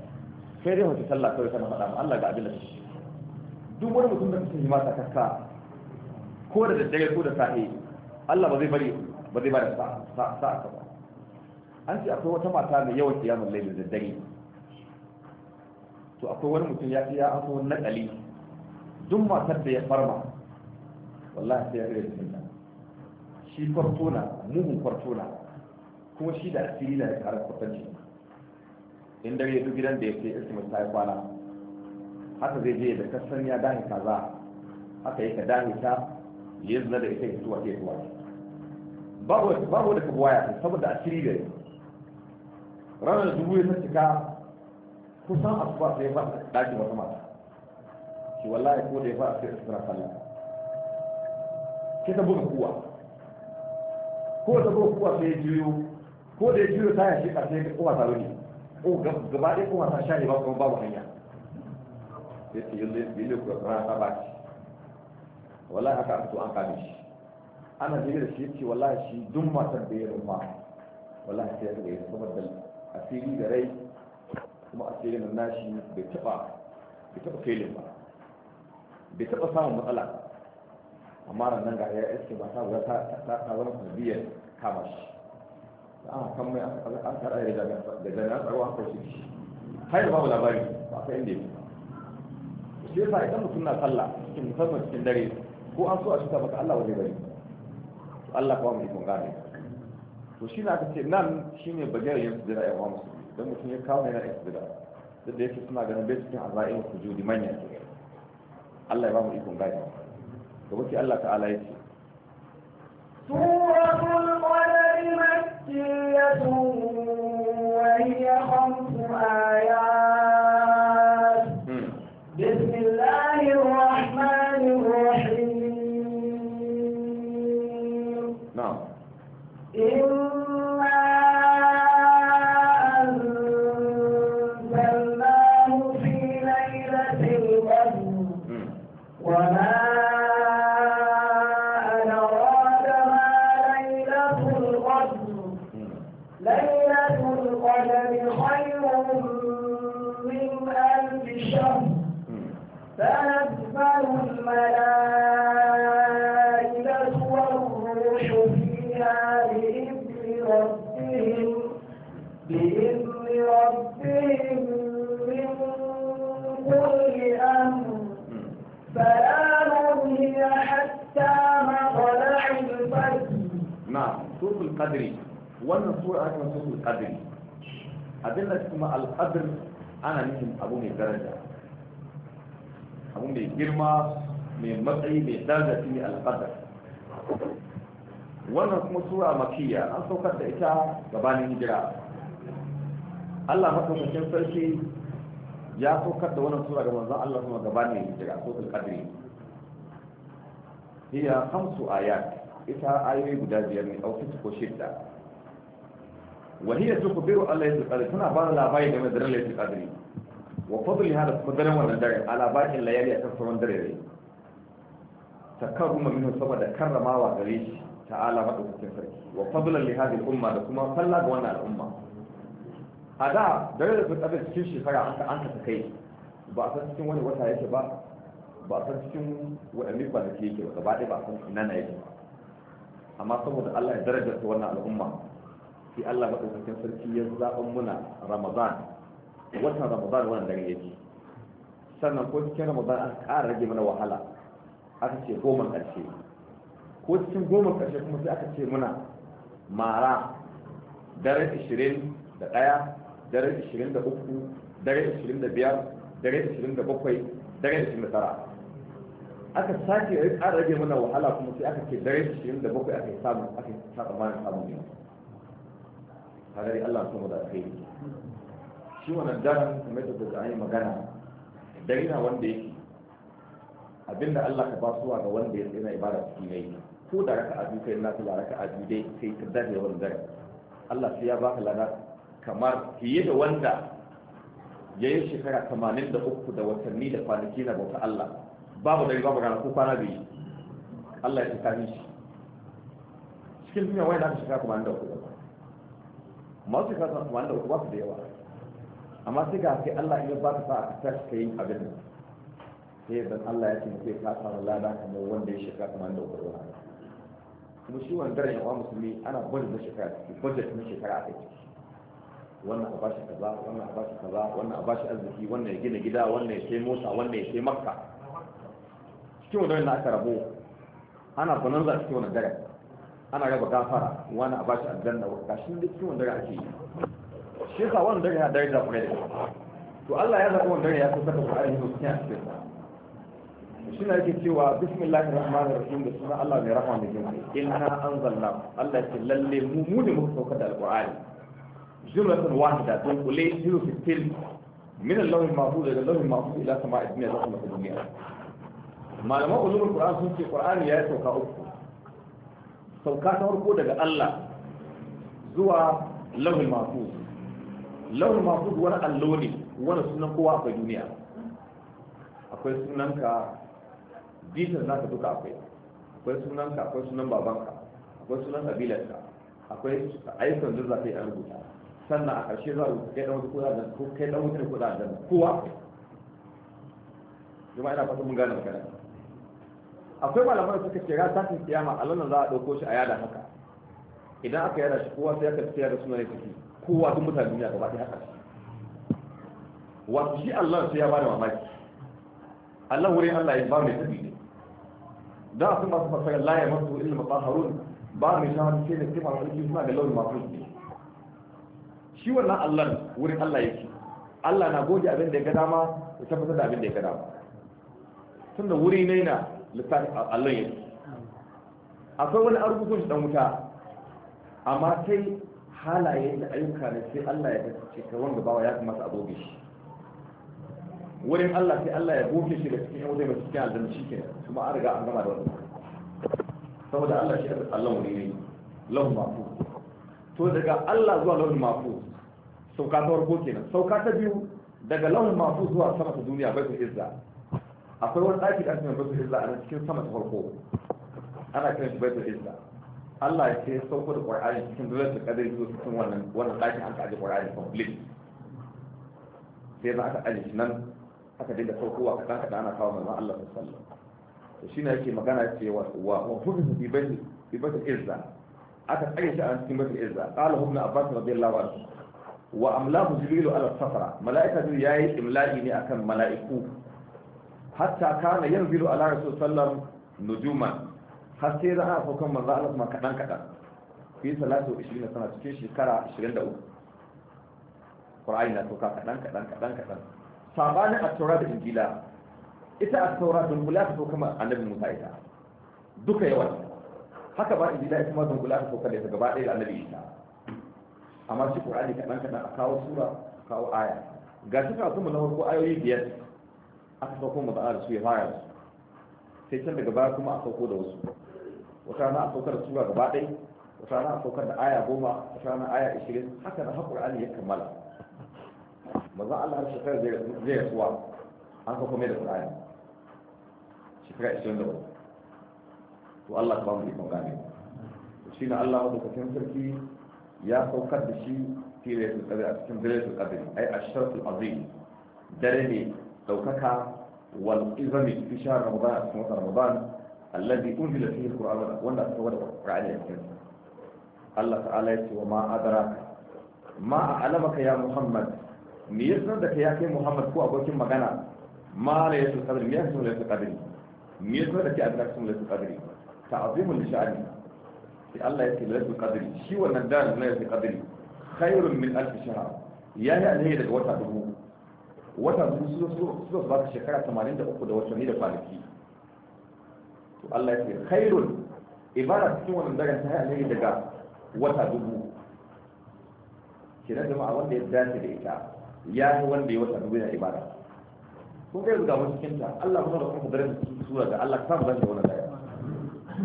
sai dai wata sallah kawai kana faɗa ma Allah ga abin da kake duk wani mutum da kake yi masa kakka ko da daddare ko da safe Allah ba zai bari ba zai bari sa'a sa'a ba an ce akwai wata mata mai yawan kiyamun laifin daddare to akwai wani mutum ya iya an wani nakali duk matar da ya farma wallahi sai ya rage jikin nan shi kwartona mugun kwartona kuma shi da asiri da ya kara kwatanci in dare duk gidan da ya ce istimin ta yi kwana haka zai je da kasan ya dahi kaza haka yi ka dahi ta ya zina da ita ya ke ta babu da kabuwa ya saboda a shiri da ranar dubu ya sa cika kusan a kuwa sai ya fara daji wata mata shi wallahi ko da ya a sai isra sallah ke ta buga kuwa ko ta buga kuwa sai ya juyo ko da ya juyo ta ya shi ƙarshe ya kowa taro ko oh, gaba ɗaya kuma ta sha ne ba kuma babu hanya ya ce yalle ku rana ta baki wallahi haka aka to an kame shi ana jirgin da shi ya ce wallahi shi dun matar da ya rumma wallahi sai ya ga ya saboda asiri da rai kuma asirin nashi bai taɓa bai taɓa failin ba bai taɓa samun matsala amma nan ga ya iske ba ta ta zama sanadiyar kama shi a ah, kan mai an kara da jami'an tsaro haka shi har da babu labari ba ka inda yake shi yasa idan mutum na sallah cikin musamman cikin dare ko an so a shuka maka Allah waje bari to Allah kuma mai kun gane to shi na kace nan shi shine bagar yin sujada ya wamu don mutum ya kawo yana yin sujada duk da yake suna ganin bai cikin azai'in sujudi manya ke Allah ya ba mu ikon gane gaba ke Allah ta'ala yake suratul qadr وهي خمس آيات qadri wannan sura aka ce suratul qadri abin da kuma al-qadr ana nufin abu mai daraja abu mai girma mai matsayi mai daraja shine al-qadr wannan kuma sura makiyya an saukar da ita gabanin hijira Allah madaukakin sarki ya saukar da wannan sura ga manzon Allah kuma gabanin hijira suratul qadri hiya khamsu ayat ita ayoyi guda biyar ne au sita ko shidda wahiyar tuku biru Allah ya tsare tana ba da labari game da ranar ya tsare wa fadli hada kuma daren wannan dare a labarin layari a kan sauran dare ne ta karuma minu da karramawa gare shi ta ta'ala madaukakin sarki wa fadlan li hadhihi umma da kuma falla ga wannan al'umma a da dare da tsare cikin shekara an ka an ka kai ba a san cikin wani wata yake ba ba a san cikin waɗanne kwanaki yake ba gaba ɗaya ba a san ina na yake ba amma saboda Allah ya daraja darajarta wannan al'umma sai Allah maɗaukakin sarki ya zaɓin muna Ramadan watan Ramadan wannan dare yake sannan ko cikin Ramadan an ƙara rage mana wahala aka ce goma ƙarshe ko cikin goma ƙarshe kuma sai aka ce muna mara dare 21 dare 23 dare 25 dare 27 dare 29 aka sake an rage mana wahala kuma sai aka ce dare shirin da bakwai aka yi samu aka yi tsakanin samun ne kagari Allah kuma da aka yi shi wannan daren kamar da da an yi magana dare na wanda yake abinda Allah ka basuwa ga wanda ya tsina ibada cikin yayi ko da raka abu kai na kula raka abu dai sai ka dade wannan dare Allah sai ya baka lada kamar fiye da wanda ya yi shekara 83 da watanni da kwanaki na bauta Allah babu da babu rana ko kwana biyu Allah ya tsaka shi cikin duniya wani aka shiga kuma da kuma masu shiga sun kuma da kuma su da yawa amma sai ga sai Allah ya ka sa ka tashi kai abin nan sai dan Allah ya ce ka samu lada kamar wanda ya shiga kuma da kuma kuma shi wani daren yawa musulmi ana budget na shekara ciki budget na shekara a ciki wannan a bashi kaza wannan a bashi kaza wannan a bashi arziki wannan ya gina gida wannan ya sai mota wannan ya sai makka cikin wannan da aka rabo ana bonanza cikin wannan dare ana raba gafara wani a bashi aljanna ga shi da cikin wannan ake yi shi yasa wannan dare ya dare da kuma to Allah ya zaka wannan dare ya so saka Qur'ani ne cikin cikin sa shi ne yake cewa bismillahir rahmanir rahim da sunan Allah mai rahama mai jinkai inna anzalna Allah ce lalle mu mu ne muka saukar da alqur'ani jumlatan wahida don kule hirufi til min al-lawh al-mahfuz ila al-lawh al-mahfuz ila sama'i dunya da kuma duniya malaman ulumul qur'an sun ce qur'ani ya sauka uku sauka ta farko daga Allah zuwa lauhul mahfuz lauhul mahfuz wani allo ne wani sunan kowa akwai duniya akwai sunanka bitan ka duka akwai akwai sunanka akwai sunan babanka akwai sunan kabilarka akwai ayyukan da zaka yi a rubuta sannan a ƙarshe za a kai dan wata ko da kai dan wata kuɗa da kowa jama'a ina fata mun gane magana akwai malaman suka ce ran tashin kiyama a lallan za a ɗauko shi a yada haka idan aka yada shi kowa sai aka tsaya da sunan yake ciki kowa duk mutane duniya gaba ɗaya haka wato shi Allah sai ya bada mamaki Allah wurin Allah ya ba mai tabi ne da su kuma masu fasara la ya masu ilmi mutahharun ba mai shahar sai da kifa alƙi suna da launin mafi ne shi wannan Allah wurin Allah yake Allah na goge abin da ya ga dama ya tabbatar da abin da ya ga dama tunda wuri ne na littafin allon yake akwai wani arzikin shi dan wuta amma sai halaye da ayyuka ne sai allah ya ce ka wanda bawa ya kamata a goge shi wurin allah sai allah ya goge shi da cikin yau zai mai cikin aljanna shi ke kuma an riga an gama da wannan saboda allah shi allon wuri ne lahun mafu to daga allah zuwa lahun mafu sauka ta farko kenan sauka ta biyu daga lahun mafu zuwa sama ta duniya bai ku izza akwai wani ɗaki da ake mai baitul izza a nan cikin sama ta farko ana kiran shi baitul izza Allah ya ce sauko da Qur'ani cikin dole da kadari zuwa cikin wannan wannan ɗakin an ka aje Qur'ani complete sai za aka aje shi nan aka dinga saukowa kaɗan kaɗan ana kawo manzon Allah sallallahu alaihi wasallam to shine yake magana ce wa wa hudu bi baitul bi baitul izza aka tsare shi a cikin baitul izza qala ibn abbas radiyallahu anhu wa amlahu jibril ala safara malaika ya yi imla'i ne akan mala'iku hatta kana yanzilu ala rasul sallam nujuman har sai za a saukan manzo Allah kuma kaɗan-kaɗan. fi salatu 20 sana cikin shekara da 23 Qur'ani na sauka kaɗan-kaɗan-kaɗan-kaɗan. sabani a taura da injila ita a taura da gula ta sauka annabi Musa ita duka yawan haka ba injila ita ma dun gula ta sauka da ita gaba ɗaya annabi Isa amma shi Qur'ani kaɗan-kaɗan a kawo sura a kawo aya ga shi ka kuma na farko ayoyi biyar aka sauko ma ba'a da su ya fara su sai can daga baya kuma a sauko da wasu wata rana a saukar da sura gaba ɗai wata rana a saukar da aya goma wata rana aya ishirin haka da haƙur ali ya kammala maza Allah har shekara zai rasuwa an sauko mai da su ƙur'ani shekara ishirin da wani to Allah ka ba mu ikon gane shi na Allah madaukakin sarki ya saukar da shi fi lailatul qadr a cikin lailatul qadr ai asharatul azim dare ne ɗaukaka wal izami fi ramadan a cikin watan ramadan alladhi unzila fihi alquran wanda aka wada qur'ani a cikin Allah ta'ala ya ce wa ma adraka ma a'lamaka ya muhammad me yasa da kai ya kai muhammad ko abokin magana ma la yasul qadri me yasa la yasul qadri me yasa da kai adraka la yasul qadri ta'zimun li sha'ani sai Allah ya ce la yasul qadri shi wannan da la yasul qadri khairun min alf shahr ya ya alheri daga wata dubu wata biyu su zo su baka shekara 83 da watanni da kwanaki to Allah ya ce khairun ibara cikin wannan daren ta yi daga wata dubu kenan jama'a wanda ya dace da ita ya yi wanda ya wata dubu yana ibada kun kai zuga wani cikinta Allah kuma da kuma kudurin sura da Allah ta zanta wannan daren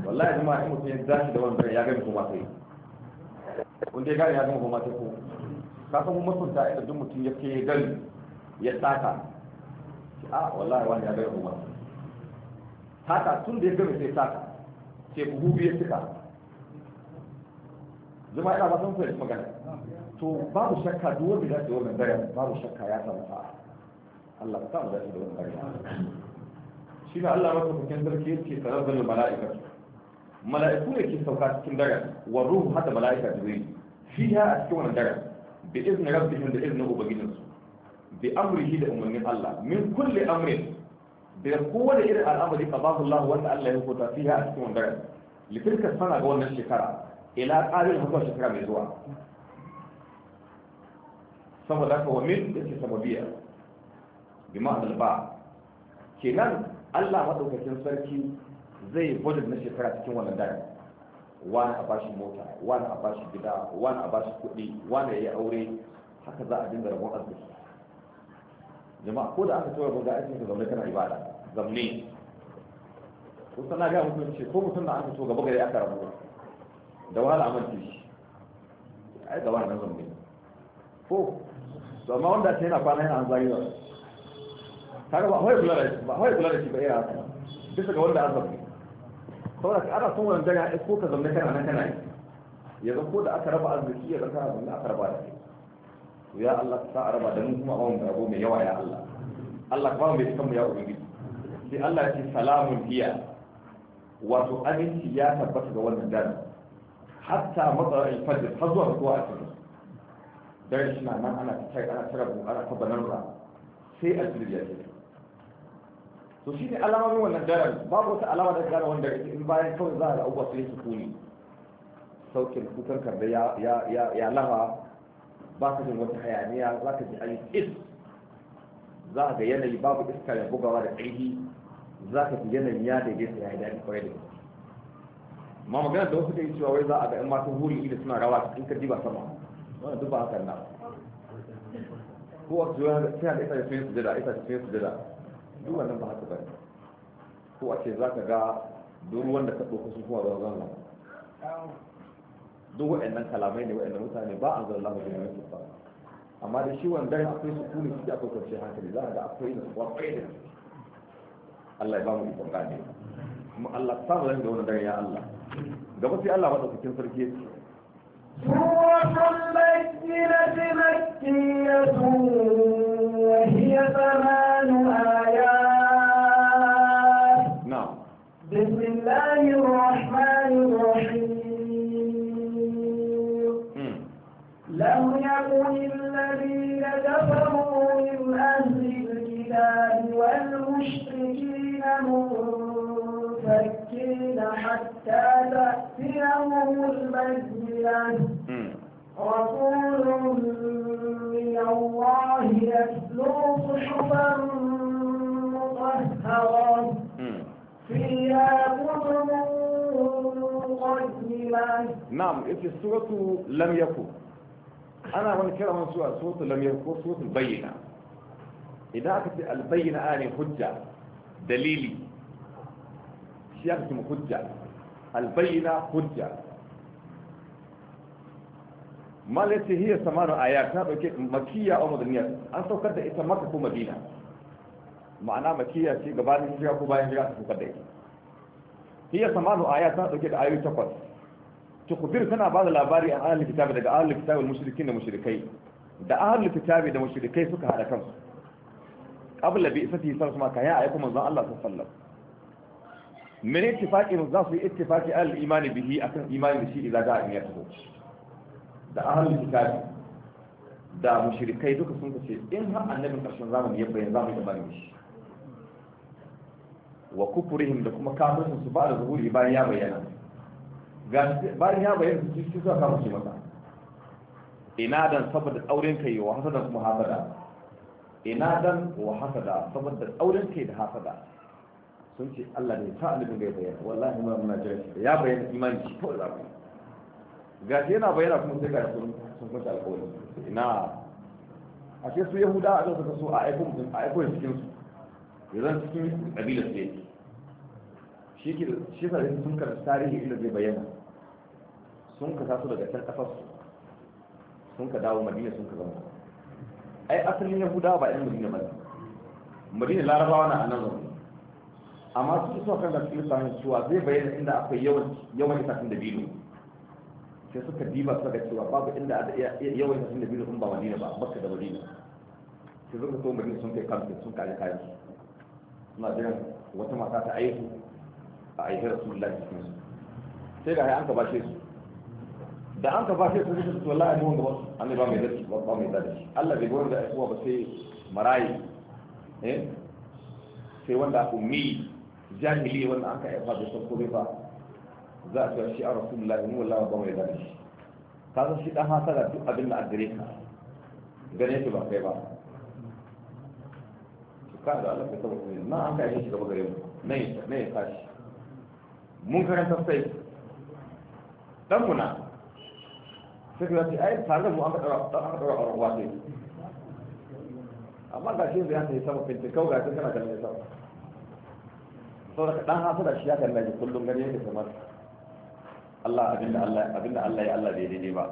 wallahi jama'a in mutum ya dace da wannan daren ya gani kuma sai wanda ya gani ya gani kuma sai ko ka san mutunta inda duk mutum ya ke gani ya sata a wallahi wani ya bai umar sata tun da ya gama sai sata sai buhu biyu suka zama ina ba san kuwa magana to babu shakka duk wanda za su yi wannan daren babu shakka ya samu sa'a Allah ka samu dace da wannan daren shi ne Allah maka hukun sarki yake tarar da mala'ikatu mala'iku ne ke sauka cikin daren wa ruhu hada mala'ika jibril fiha a cikin wannan daren bi izni rabbihim da iznin ubangijinsu bi amrihi da umarnin Allah min kulli amrin da kowane irin al'amari qabahu Allah wanda Allah ya hukunta fiha a cikin wannan litilka sana ga wannan shekara ila qabil hukum shekara mai zuwa saboda haka wa min da ke sababiya bi ma'anar ba kenan Allah madaukakin sarki zai budget na shekara cikin wannan dare wani a bashi mota wani a bashi gida wani a bashi kuɗi wani ya yi aure haka za a dinga rabon arziki jama'a ko da aka cewa ba za a yi ka zaune kana ibada zamne ko sana ga mutum ko mutum da aka so gaba gari aka rabu da wahala amince shi ai gaba na zamne ko to amma wanda ta yana kwana yana an zagi ba kaga ba hoye kula da shi ba hoye kula da shi ba iya haka bisa ga wanda an zamne saboda ka ana son wani wannan a ko ka zamne kana nan kana yi yanzu ko da aka raba arziki ya zaka zamne aka raba da to ya Allah ka sa a raba da mu kuma ba mu da mai yawa ya Allah Allah ka ba bai kan mu ya ubangiji sai Allah ya ce salamun hiya wato aminci ya tabbata ga wannan dare hatta matsara alfajir har zuwa zuwa alfajir dare shi na nan ana ta kai ana ta rabu ana ta banarwa sai alfajir ya ce to shi ne alamomin wannan daren babu wata alama da gane wanda in bayan kawai za a ga abubuwa sai su kuni saukin kukan karbe ya lafa ba ka jin wata hayaniya za ka ji an is za ka ga yanayi babu iska ya bugawa da ƙarfi za ka ji yanayi ya daidaita ya yi daɗi kwarai da gaske ma magana da wasu ta yi cewa wai za a ga 'yan matan huri ida suna rawa in ka ji ba sama wannan duk ba hakan na ko wasu zuwa da suna da ita da sun sujada isa da sun sujada duk wannan ba haka ba ko a ce za ka ga duk wanda ka ɗauka sun kuma zuwa zan duk waɗannan kalamai ne waɗannan mutane ba a zara lahu da yanzu ba amma da shi wanda akwai su kuni su akwai kwanciyar hankali za a ga akwai na kuwa kwaye da Allah ya ba mu ikon gane kuma Allah ta zara da wani dare ya Allah gaba sai Allah maɗaukakin sarki ya ce سورة المكينة مكية وهي ثمان آيات نعم بسم الله الرحمن لم يكن الذين كفروا من أهل الكتاب والمشركين منفكين حتى تأتيهم البينة رسول من الله يتلو صحفا مطهرا فيها كتب قيمة نعم في سورة لم يكن ana wani kiran wani suwa sotu lamiyar ko sotu bayyana idan aka ce albayyana a ne hujja dalili shi aka ce hujja albayyana hujja malai ce hiyar samanu aya ta ɗauke makiya a madaniya an saukar da ita maka ko madina ma'ana makiya ce gabanin hijira ko bayan hijira ta saukar da ita hiyar samanu aya ta ɗauke da ayoyi takwas tukhbir tana ba da labari a ahlul kitabi daga ahlul kitabi wal mushrikin da mushrikai da ahlul kitabi da mushrikai suka hada kansu qabla bi isati sallallahu alaihi wasallam ya aika manzon Allah sallallahu alaihi wasallam min ittifaqin za su yi ittifaqi al imani bihi akan imani da shi idan da in ya taho da ahlul kitabi da mushrikai duka sun ce in har annabin karshen zamani ya bayyana zamu imani da shi wa kufurihim da kuma kafirsu su ba da zuhuri bayan ya bayyana ga bayan ya bayyana su cikin suka kama ce masa ina dan saboda auren kai wa hasada kuma hasada ina dan wa hasada saboda auren kai da hasada sun ce Allah ne ta alibin gai bayyana wallahi muna muna jira shi ya bayyana imani shi kawai za ku ga shi yana bayyana kuma sai ga sun sun kwace alƙawari ina a ce su yahuda a kan suka so a aiko mutum a aiko cikin su yanzu cikin kabilar su yake shi ke shi sa sun karanta tarihi inda zai bayyana sun ka taso daga can kasar su sun ka dawo madina sun ka zama ai asalin yahudawa ba yan madina ba madina larabawa na anan zama amma su su kan da su sami cewa zai bayyana inda akwai yawan yawan itacen da biyu sai suka diba su ga cewa babu inda ada yawan itacen da biyu sun ba madina ba bakka da madina sai suka so madina sun kai kamfe sun kaji kayan su suna jiran wata mata ta aihu a aihe rasulullahi cikin su sai ga an ka bashe su da an ka ba shi sun kashe wallahi mu gaba an ba mai dace ba mai dace Allah bai gwada da ba sai marayi eh sai wanda ummi jahili wanda an ka aifa da san komai ba za a cewa shi a rasulullahi mu wallahi ba mai dace ka san shi dan hasara duk abin da a gare ka gane shi ba kai ba ka da Allah ka tabbata na an ka aife shi gaba gare mu ne ne kashi mun karanta sai dan muna sai ta ce ai tare da mu an ka ɗaura an ka ɗaura uwa ce amma ga shi ya yi sama fintikau ga shi kana ganin sa saboda dan hasada shi ya kalla kullum gari yake kamar Allah abinda Allah abinda Allah ya Allah bai daidai ba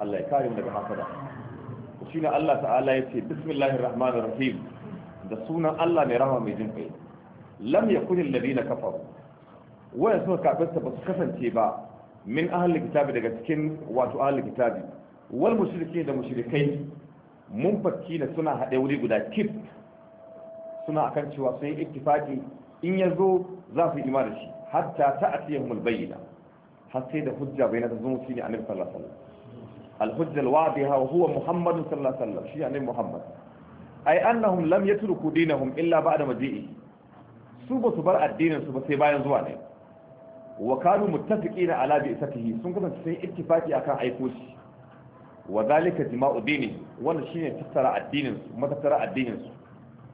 Allah ya kare mu daga hasada shine Allah ta'ala yace bismillahir rahmanir da sunan Allah mai rahama mai jin kai lam yakun alladhina kafaru waya suka kafirta ba su kasance ba min ahli kitabi daga cikin wato ahli kitabi wal mushriki da mushrikai mun fakki da suna haɗe wuri guda kif suna akan cewa sun yi ittifaqi in ya zo za su yi imani shi hatta ta'tiyahum al bayyina har sai da hujja bayyana ta zuwa shi ne annabi sallallahu alaihi wasallam al hujja al wadiha wa huwa muhammad sallallahu alaihi wasallam shi annabi muhammad ay annahum lam yatruku dinahum illa ba'da maji'i su ba su bar addinin su ba sai bayan zuwa ne wa kanu muttafiqina ala bi'satihi sun kasance sai ittifaki akan aiko shi wa zalika jima'u dini wannan shine tattara addinin su matattara addinin su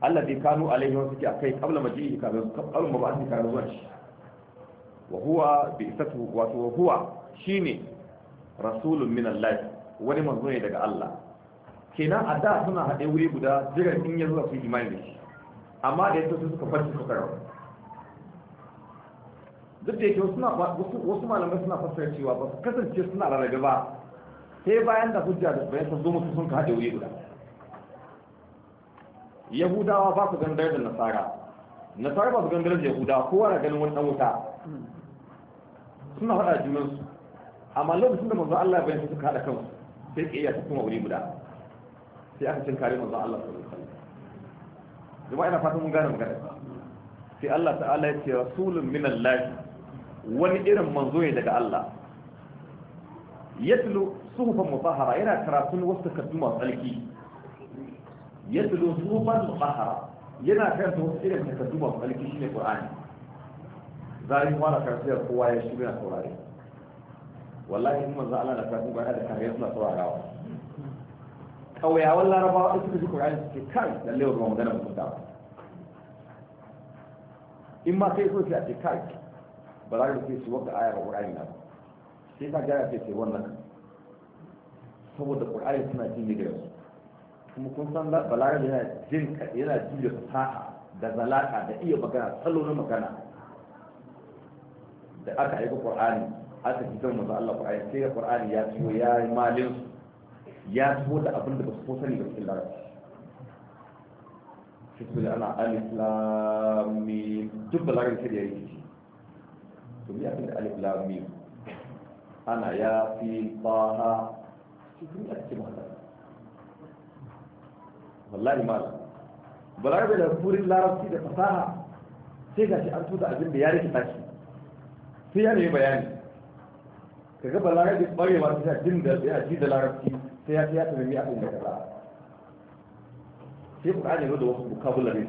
alladhi kanu alaihi wa suke akai qabla maji'i ka zo qabla mab'athi ka zo shi wa huwa bi'satuhu wa huwa shine rasulun min Allah wani manzo ne daga Allah kenan a da suna haɗe wuri guda jiran in yanzu zuwa su imani da shi amma da yadda suka farci suka rawa duk da yake wasu malamai suna fassara cewa ba su kasance suna rarrabe ba sai bayan da hujja da bayan sun zo musu sun kaɗe wuri guda yahudawa ba su gandar da nasara nasara ba su gandar da yahudawa kowa na ganin wani ɗan wuta suna faɗa junansu amma lokacin da manzo Allah bayan suka haɗa kansu sai ƙiyayya ta kuma wuri guda sai aka cin kare manzo Allah sallallahu alaihi wasallam jama'a ina fatan mun gane magana sai Allah ta'ala ya ce rasulun minallahi wani irin manzo ne daga Allah yatlu suhufan mutahhara yana karatun wasu takardu masu tsarki yatlu suhufan mutahhara yana karatun wasu irin takardu masu tsarki shine Qur'ani zarin fara karatu kowa ya shiga na saurare wallahi in manzo Allah na karatu ba da kare suna saurarawa kauyawan larabawa da suka ji Qur'ani suke kai lalle wa magana mutunta in ma sai so sai a ce kai ba za ka ce su wata aya ba ƙur'ani na sai ka gaya ce ce wannan saboda ƙur'ani suna jin ne da kuma kun san balaga yana jin ka yana jin da fasaha da zalaka da iya magana salo na magana da aka aika ƙur'ani aka fitar masu Allah ƙur'ani sai da ƙur'ani ya ciwo ya yi malin ya ciwo da abin da ba su sani ba cikin larabci shi su da ana alif lamim duk balaga sai da ya yi to ya abin da alif lam mim ana ya fi taha cikin a cikin hada wallahi mal balaga da furin larabci da fasaha sai ga shi an tuta abin da ya rikita shi sai ya nemi bayani kaga balaga da barewa ta jin da ya ji da larabci sai ya ya tabi abin da kaza sai Qur'ani ne da wasu vocabulary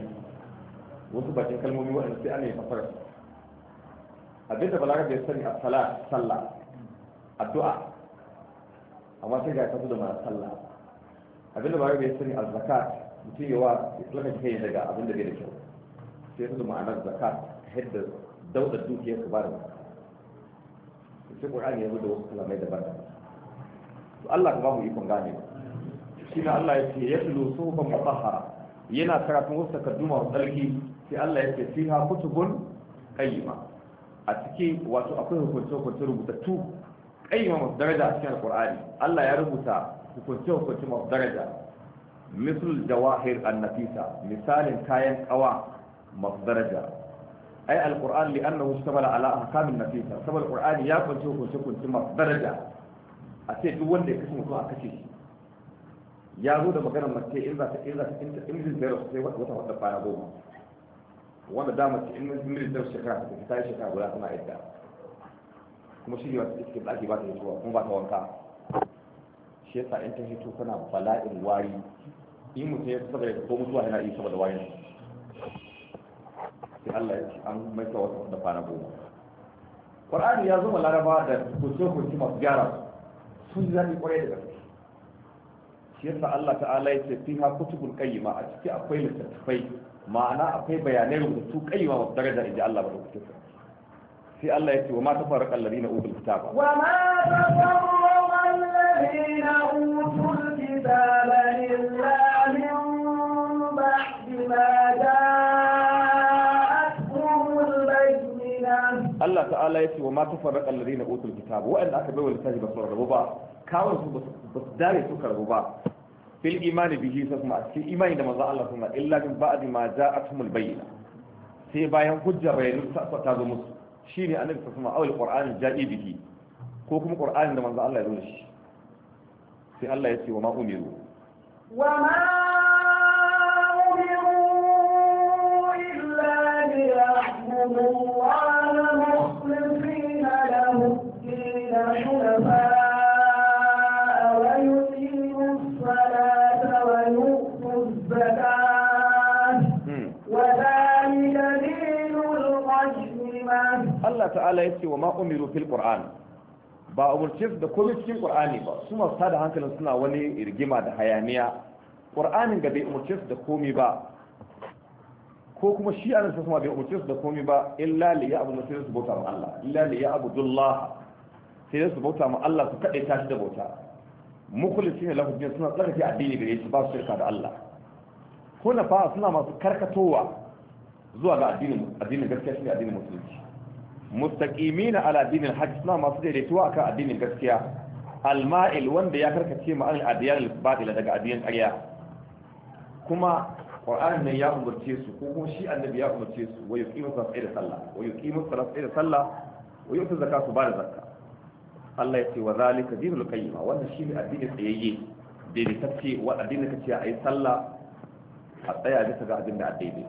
wasu bakin kalmomi waɗanda sai an yi fasara abinda balaga bai sani a salat sallah addu'a amma sai ga kasu da mana sallah abinda balaga bai sani a zakat mutum wa islamin kai daga abinda bai da kyau sai su da ma'anar zakat hidda daudar dukiyar su ba da zakat sai ne ya zo da wasu kalamai daban to Allah ka ba mu ikon gane shi na Allah ya ce ya tilo sohban mutahara yana karatun wasu takardu masu tsarki sai Allah ya ce fiha kutubun qayyima a ciki wato akwai hukunce hukunce rubutattu kayyama masu daraja a cikin Alƙur'ani. Allah ya rubuta hukunce hukunce masu daraja misal jawahir annafisa misalin kayan ƙawa masu daraja ai alkur'an li annahu shtamala ala ahkamin nafisa saboda Alƙur'ani ya kunce hukunce hukunce masu daraja a ce duk wanda ya kashe mutum a kashe shi ya zo da maganar mace in za ta in za ta in zai ta wata wata kwana goma wanda za mu ci in mun da shekara ta ta yi shekara guda tana yadda kuma shi ne wata cikin ɗaki ba ta hitowa kuma ba ta wanka shi yasa in ta hito tana bala'in wari in mutum ya saboda ko mutuwa yana iya saboda wayan sai Allah ya ce an maita wata da kwana goma Qur'ani ya zama laraba da hukunci masu gyara sun ji daɗi kwarai da gaske shi yasa Allah ta'ala ya ce fiha kutubul qayyima a ciki akwai littattafai ma'ana akwai bayanai rubutu kaiwa masu daraja inji Allah ba rubutu sai Allah ya ce wa ma tafarraqa alladhina utul kitaba wa ma tafarraqa alladhina utul kitaba illa min ba'di ma Allah ta'ala ya ce wa ma tafarraqa alladhina utul kitaba wa'anda aka bai wa littafi ba su rabu ba kawai su ba su dare su karbu ba في الإيمان به سسمى في إيمان ما زال الله سمى إلا من بعد ما جاءتهم البينة في بيان حجة بين سأسوى تابو مصر شيني في سسمى أو القرآن الجائي به كوكم القرآن ما زال الله يدونش في الله يسي وما أمروا وما أمروا إلا ليعبدوا ta'ala ya ce wa ma'umiru fil qur'an ba umarci da komai cikin qur'ani ba su masu tada hankalin suna wani rigima da hayaniya qur'anin ga bai umarci da komai ba ko kuma shi an sa bai umarci da komai ba illa li ya'budu sai su bauta ma Allah illa li abu Allah sai su bauta ma Allah su kade tashi da bauta mukhlisina lahu din suna tsarkake addini gare shi ba su shirka da Allah ko na fa suna masu karkatowa zuwa ga addinin addinin gaskiya shi addinin musulunci mustaqimina ala al'adinin haqq suna masu daidaituwa kan addinin gaskiya alma'il wanda ya karkace ma an adiyan batila daga adiyan ƙarya kuma qur'anin nan ya umarce su ko kuma shi annabi ya umarce su wayo wa yuqimu salata sallah wayo wa yuqimu salata sallah wa yu'tu zakata ba da zakka Allah ya ce wa zalika dinul qayyima wannan shine addini tsayayye daidaitacce wa addini kace ai sallah a tsaya bisa ga abin da addini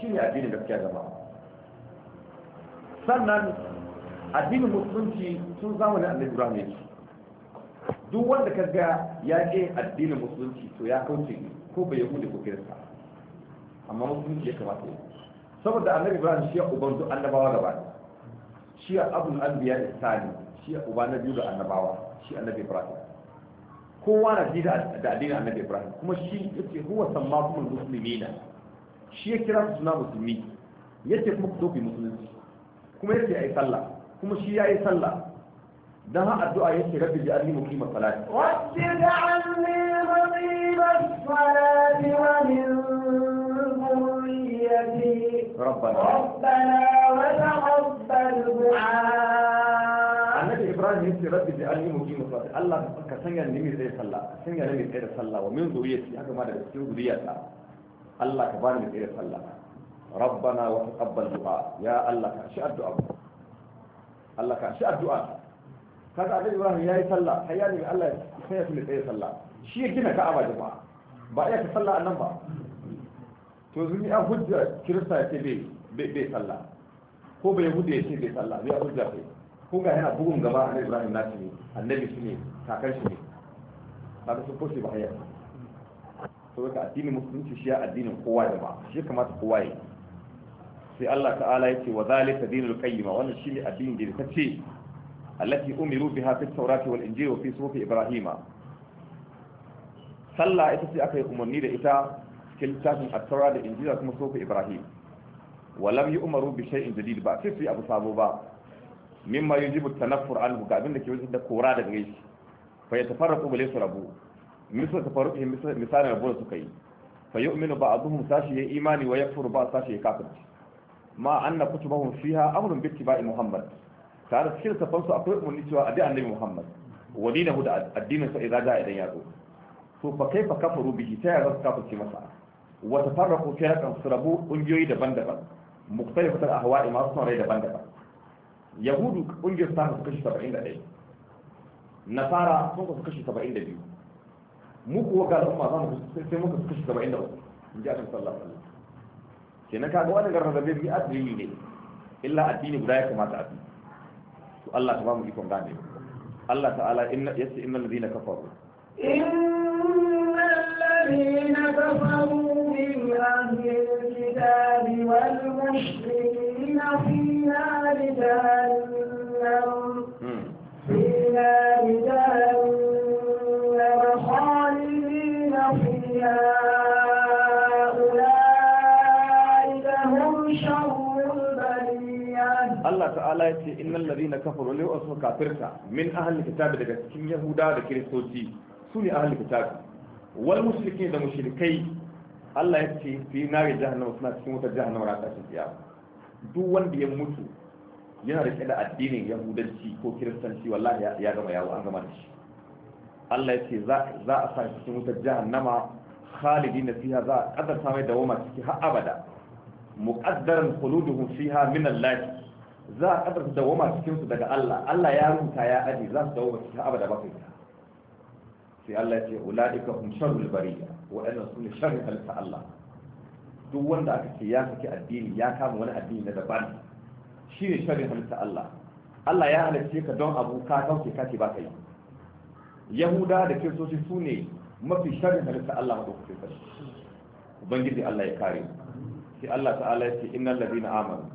shine addinin gaskiya jama'a sannan addinin musulunci sun zamanin annabi ibrahim yake duk wanda ka ga ya ke addinin musulunci to ya kauce ko bai yahudi ko kirista amma musulunci ya kamata yi saboda annabi ibrahim shi ya uban duk annabawa gaba shi ya abul anbiya isani shi ya uba na biyu da annabawa shi annabi ibrahim kowa na ji da addinin annabi ibrahim kuma shi yace huwa sammakumul musulmina shi ya kira suna musulmi yace kuma ku zo ku musulunci kuma yake ai sallah kuma shi yayi sallah dan ha addu'a yake rabbi ji alli muqima salati rabbi ja'alni muqima salati wa min dhurriyyati rabbana rabbana wa taqabbal du'a annabi ibrahim yake rabbi ji alli muqima salati Allah ka sanya ni mai tsaye sallah sanya ni mai tsaye sallah wa min dhurriyyati haka ma daga cikin zuriyata Allah ka bani mai tsaye sallah ربنا وتقبل دعاء يا الله كأشياء الدعاء الله كأشياء الدعاء kaga abin ibrahim ya yi sallah har ya nemi allah sai ya tuni tsaye sallah shi ya gina jama'a ba iya ka sallah annan ba to zumi an hujja kirista ya ce bai sallah ko bai hudu ya ce bai sallah bai hujja sai ko ga yana bugun gaba a ibrahim na shi ne annabi shi ne kakan shi ne kaga sun koshe ba hayar to ka addinin musulunci shi ya addinin kowa da ba shi kamata kowa ya yi sai Allah ta'ala yake wa zalika dinul qayyima wannan shine addinin da ta ce allati umiru biha fi tawrati wal injili wa fi sufi ibrahima sallah ita ce aka yi umarni da ita cikin littafin at-taura da injila kuma sufi ibrahim wa lam yu'maru bi shay'in jadid ba sai sai abu sabo ba mimma yujibu tanaffur anhu ga abin da ke wajen da kora daga gaishe fa yatafarraqu bi laysa rabu misal tafarruqihim misal misalan rabu da suka yi fa yu'minu ba'dhum sashi ya imani wa yakfuru ba sashi ya kafirci ma anna kutubahum fiha amrun bi ittiba'i muhammad da cikin tafan su akwai umarni cewa a abi annabi muhammad wa dinahu da addinin sa idan da idan ya zo to fa kaifa kafaru bihi ta ya zasu kafirce masa wa tafarraqu fi raqam surabu kungiyoyi daban-daban mukhtalifatul ahwa'i masu son rai daban-daban yahudu kungiyar sa su kashi 71 nasara sun su kashi 72 Muku, kuwa ga al'umma za mu sai muka kashi 73 in ji a kan sallallahu alaihi kenan kaga wannan garrazabe bi addini ne illa addini guda ya kamata a bi to Allah ta ba mu ikon gane Allah ta'ala inna yasi innal ladina kafaru innal ladina kafaru min ahli alkitabi wal mushrikin fi nar jahannam ta'ala ya ce innal ladina kafaru wani wasu kafirta min ahli kitabi daga cikin yahuda da kiristoci su ne ahli kitabi wal mushriki da mushrikai Allah ya ce fi nari jahannama suna cikin wutar jahannama ra ta tafiya duk wanda ya mutu yana da da addinin yahudanci ko kiristanci wallahi ya gama yawo an gama da shi Allah ya ce za a sa cikin wutar jahannama khalidina fiha za a kaddasa mai dawama ciki har abada muqaddaran khuluduhum fiha min Allah za a kadar dawoma cikin su daga Allah Allah ya rubuta ya aji za su dawoma cikin abada bakwai ta. sai Allah ya ce ulaika hum sharrul bariya wa'annan sune sharri halitta Allah duk wanda aka ce ya saki addini ya kama wani addini na daban shi ne sharri halitta Allah Allah ya halarce ka don abu ka kauce ka ce ba ka yi Yahuda da Kiristoci sune mafi sharri halitta Allah da madaukakin sarki ubangiji Allah ya kare sai Allah ta'ala ya ce innal ladina amanu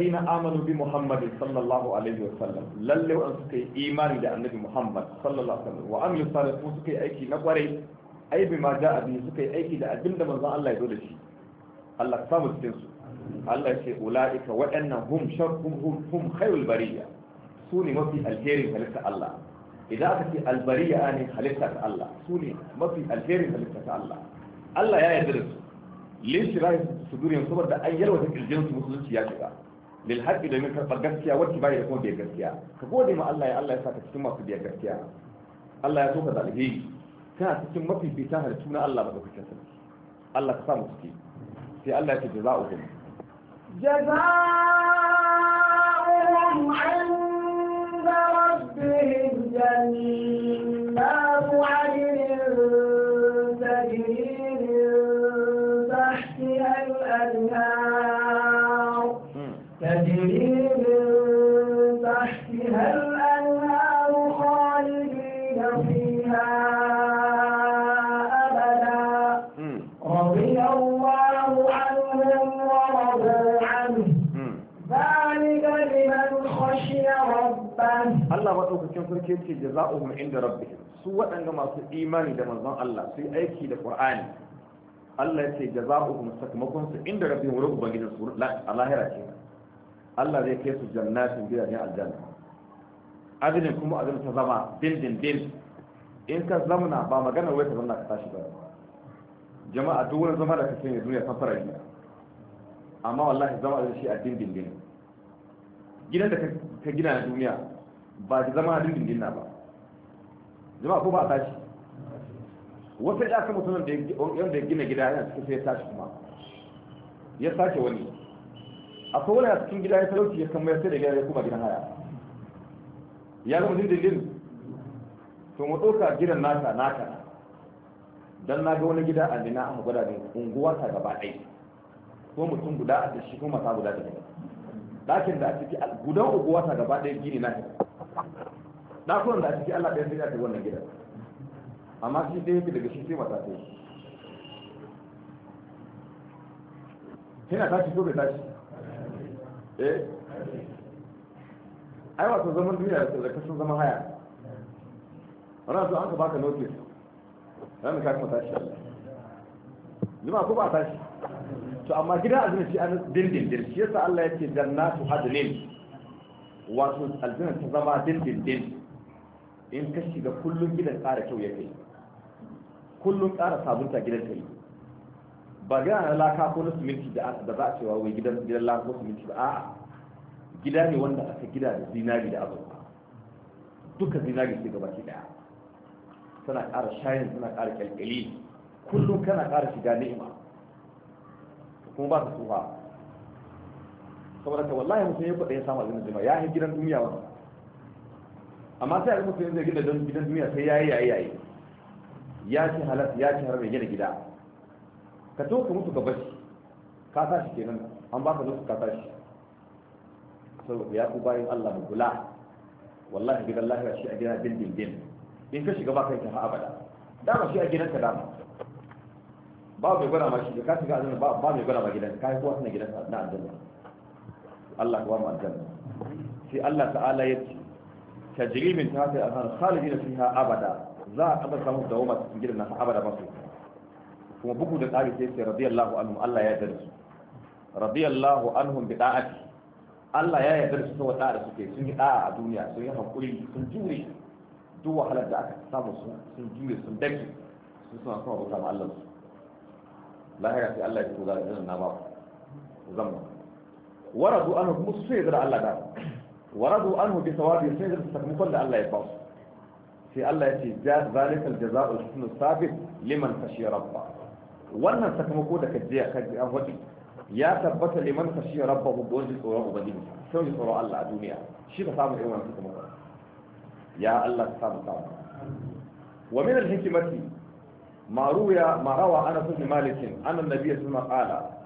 alladhina amanu bi muhammadin sallallahu alaihi wa sallam lalle wa suka imani da annabi muhammad sallallahu alaihi wa sallam wa amilu salihu suka yi aiki na kwarai ai ma ja'a bi suka aiki da abin da manzon Allah ya zo shi Allah ya samu cikin su Allah ya ce ulaika wa annahum hum sharhum hum hum khairul bariyya su ne mafi alherin halitta Allah idan aka ce albariya ne halitta ta Allah su mafi alherin halitta ta Allah Allah ya yarda da su lishirai su durin saboda an yalwata kirjin su musulunci ya shiga للحد ده من كفر جسيا وقت باي يكون دي جسيا فكو دي ما الله يا الله يساك تتم في دي جسيا الله يسوك ذلك هي كان تتم في بيتاها لتمنى الله بدك كسر الله كسام في الله يتجزاؤهم جزاؤهم عند ربهم جنة عدن Allah madaukakin sarki yace jazaohum inda rabbihim su waɗanda masu imani da manzon Allah sai aiki da Qur'ani Allah a jazaohum sakamakon su inda rabbihim wurin ubangijin su a lahira ce Allah zai kai su jannatin gidajen aljanna adinin kuma azin ta zama bildin din in ka zamna ba magana wai ta zamna ka tashi ba jama'a duk wani zama da ka sanya duniya ta fara gida amma wallahi zama da shi a din gidan da ka gina na duniya ba ki zama halin dindinna ba zama ko ba a tashi Wasu ya kama sunan da yanda ya gina gida yana cikin sai ya tashi kuma ya sake wani akwai wani a cikin gida ya talauci ya kama ya sai da gida ya kuma gidan haya ya zama dindindin to mu ɗauka gidan nasa naka dan na ga wani gida a nina a gwada ne unguwa ta gaba ɗai ko mutum guda a shi kuma mata guda da ɗakin da a ciki gudan unguwa ta gaba ɗai gini na kuma da a cikin Allah ɗaya sai ya ce wannan gidan amma shi sai yake daga shi sai mata sai kina tashi ko bai tashi eh ai wato zaman duniya da kashin zaman haya ranar su an ka baka notice ranar ka kuma tashi jima ko ba tashi to amma gida azumi shi an dindindin shi yasa Allah ya ce jannatu adlin wato aljanna ta zama dindindin in ka shiga kullum gidan ƙara kyau ya kai kullum ƙara sabunta gidan yi ba gana na laka ko na siminti da za a cewa wai gidan gidan laka ko siminti ba a'a gida ne wanda aka gida da zinari da azurfa duka zinari sai gaba ki daya tana ƙara shayin tana ƙara kyalkyali kullum kana ƙara shiga ni'ima kuma ba ta tsufa saboda ka wallahi mutum ya faɗa ya samu aljanna jama'a ya yi gidan duniya wani amma sai a ga mutum zai gida gidan duniya sai ya yi ya, yi ya ci halatta ya ci harbe gina gida ka to ka mutu gaba shi ka shi kenan an ka zo ka shi saboda ya ku bayan Allah mu kula wallahi gidan lahira shi a gida din din din in ka shiga ba kai ta abada dama shi a gidan ka dama ba mai gwada ma shi ka shiga azumi ba mai gwada ma gidan ka yi kowa suna gidan na aljanna Allah kuwa aljanna sai Allah ta'ala ya ce tajri min tahti al-anhar khalidina fiha abada za a kaba samu da dawama cikin gidan nan abada ba su kuma bugu da tsari sai sai radiyallahu anhum Allah ya yarda su radiyallahu anhum bi da'ati Allah ya yarda su saboda da'a da suke sun yi da'a a duniya sun yi hakuri sun jure duk wahalar da aka samu sun jure sun dake sun suna kuma bauta ma Allah su lahira sai Allah ya ce ku za a na ba ku zama waradu anhu kuma su sai da Allah da waradu anhu bi sawabi sai da sakamakon da Allah ya ba su sai Allah ya ce zalika aljaza'u husnu sabit liman khashiya rabba wannan sakamako da kajiya kaji an wadi ya tabbata liman khashiya rabbahu don ji tsoron ubangiji sai ji tsoron Allah a duniya shi ka samu irin wannan sakamako ya Allah ka samu samu wa min alhikmati ma ruya ma rawa ana sunni malikin anna nabiyyu sallallahu alaihi wasallam qala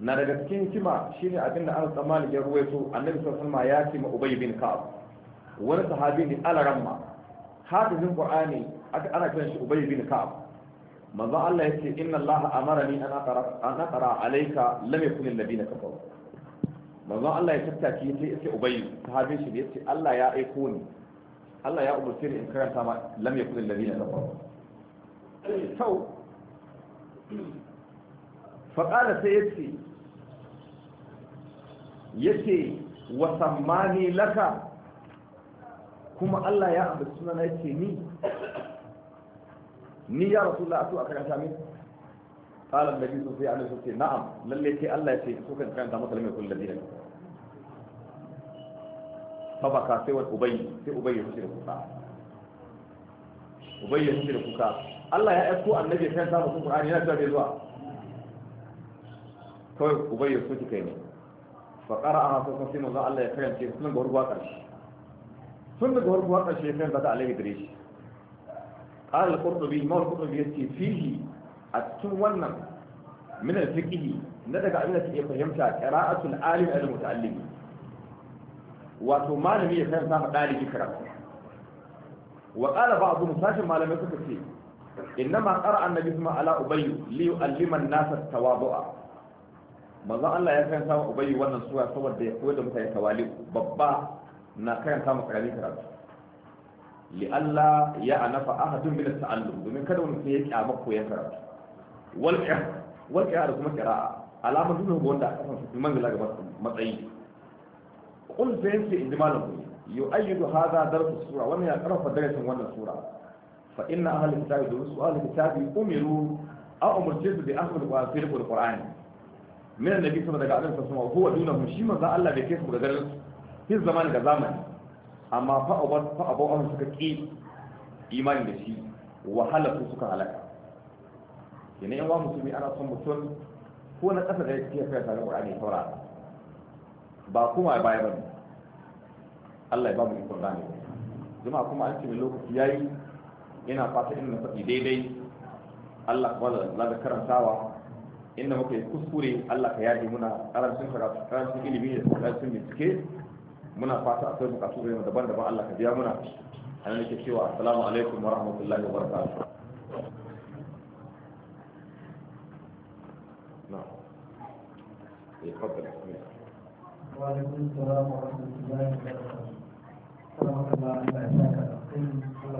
na daga cikin hikima shine abin da an tsammani ya ruwaito annabi sallallahu alaihi ya ce ma ubay bin ka'ab wani sahabi ne alaramma hafizin qur'ani aka ana kiran shi ubay bin ka'ab manzo Allah yace inna Allah amarani an aqra an aqra alayka lam yakun alladhina kafaru manzo Allah ya tattaki yace yace ubay sahabin shi yace Allah ya aiko ni Allah ya umurce ni in karanta ma lam yakun alladhina kafaru sau faƙala sai ya ce yake wasammani laka kuma Allah ya abu suna na yake ni ni ya rasu la'atu a kan sami ƙalar da jisun sai alisun ce na'am lalle ce Allah ya ce su kan kan ta matsalin mai kullum da biyan babaka sai wa sai ubayi su da da kuka Allah ya ɗauko annabi kan samun kuka ne yana cewa bai zuwa kawai ubayi su kai ne fa qara'a ko kuma sai manzo Allah ya karance sunan ga hurguwa ƙarshe. sun daga hurguwa karshe kan da Allah ya gare shi قال القرطبي ما القرطبي يسكي فيه التون من الفقه ندق أن يفهمت قراءة العالم على المتعلم wato malami ya san sa ɗalibi karatu wa qala ba'du musashin malamai suka ce innama qara annabi kuma ala ubayy li yu'allima an-nasa tawadu'a manzon Allah ya karanta mu ubayi wannan sura saboda ya koyar da mutane tawali babba na kayan mu karami karatu li Allah ya anafa ahadun min ta'allum domin kada wani sai ya kyama koyan karatu wal qira wal qira kuma qira'a alama dun ga wanda aka san su mangala ga matsayi qul sai sai inda malamu yu'ayyidu hadha darsu sura wannan ya karfafa darasin wannan sura fa inna ahli kitabi durusu ahli kitabi umiru a umurtu bi ahli qur'ani min annabi sama daga annabi sama ko wa dunahu shi manzo Allah bai kai su ga garin his zamani da zamani amma fa abu fa abu an suka ki imani da shi wahala su suka halaka yana yan wa musulmi ana son mutum ko na kasa da yake kai tare da Qur'ani saura ba kuma baya ba Allah ya ba mu ikon gane kuma an ce mai lokaci yayi yana fata in na faɗi daidai Allah ba da karantawa inda muka yi kuskure Allah ka yaje muna karancin karatu karancin ilimi da karancin bincike muna fata akwai bukatu da daban-daban Allah ka biya muna a nan nake cewa assalamu alaikum wa rahmatullahi wa barakatuh يتفضل وعليكم السلام ورحمه الله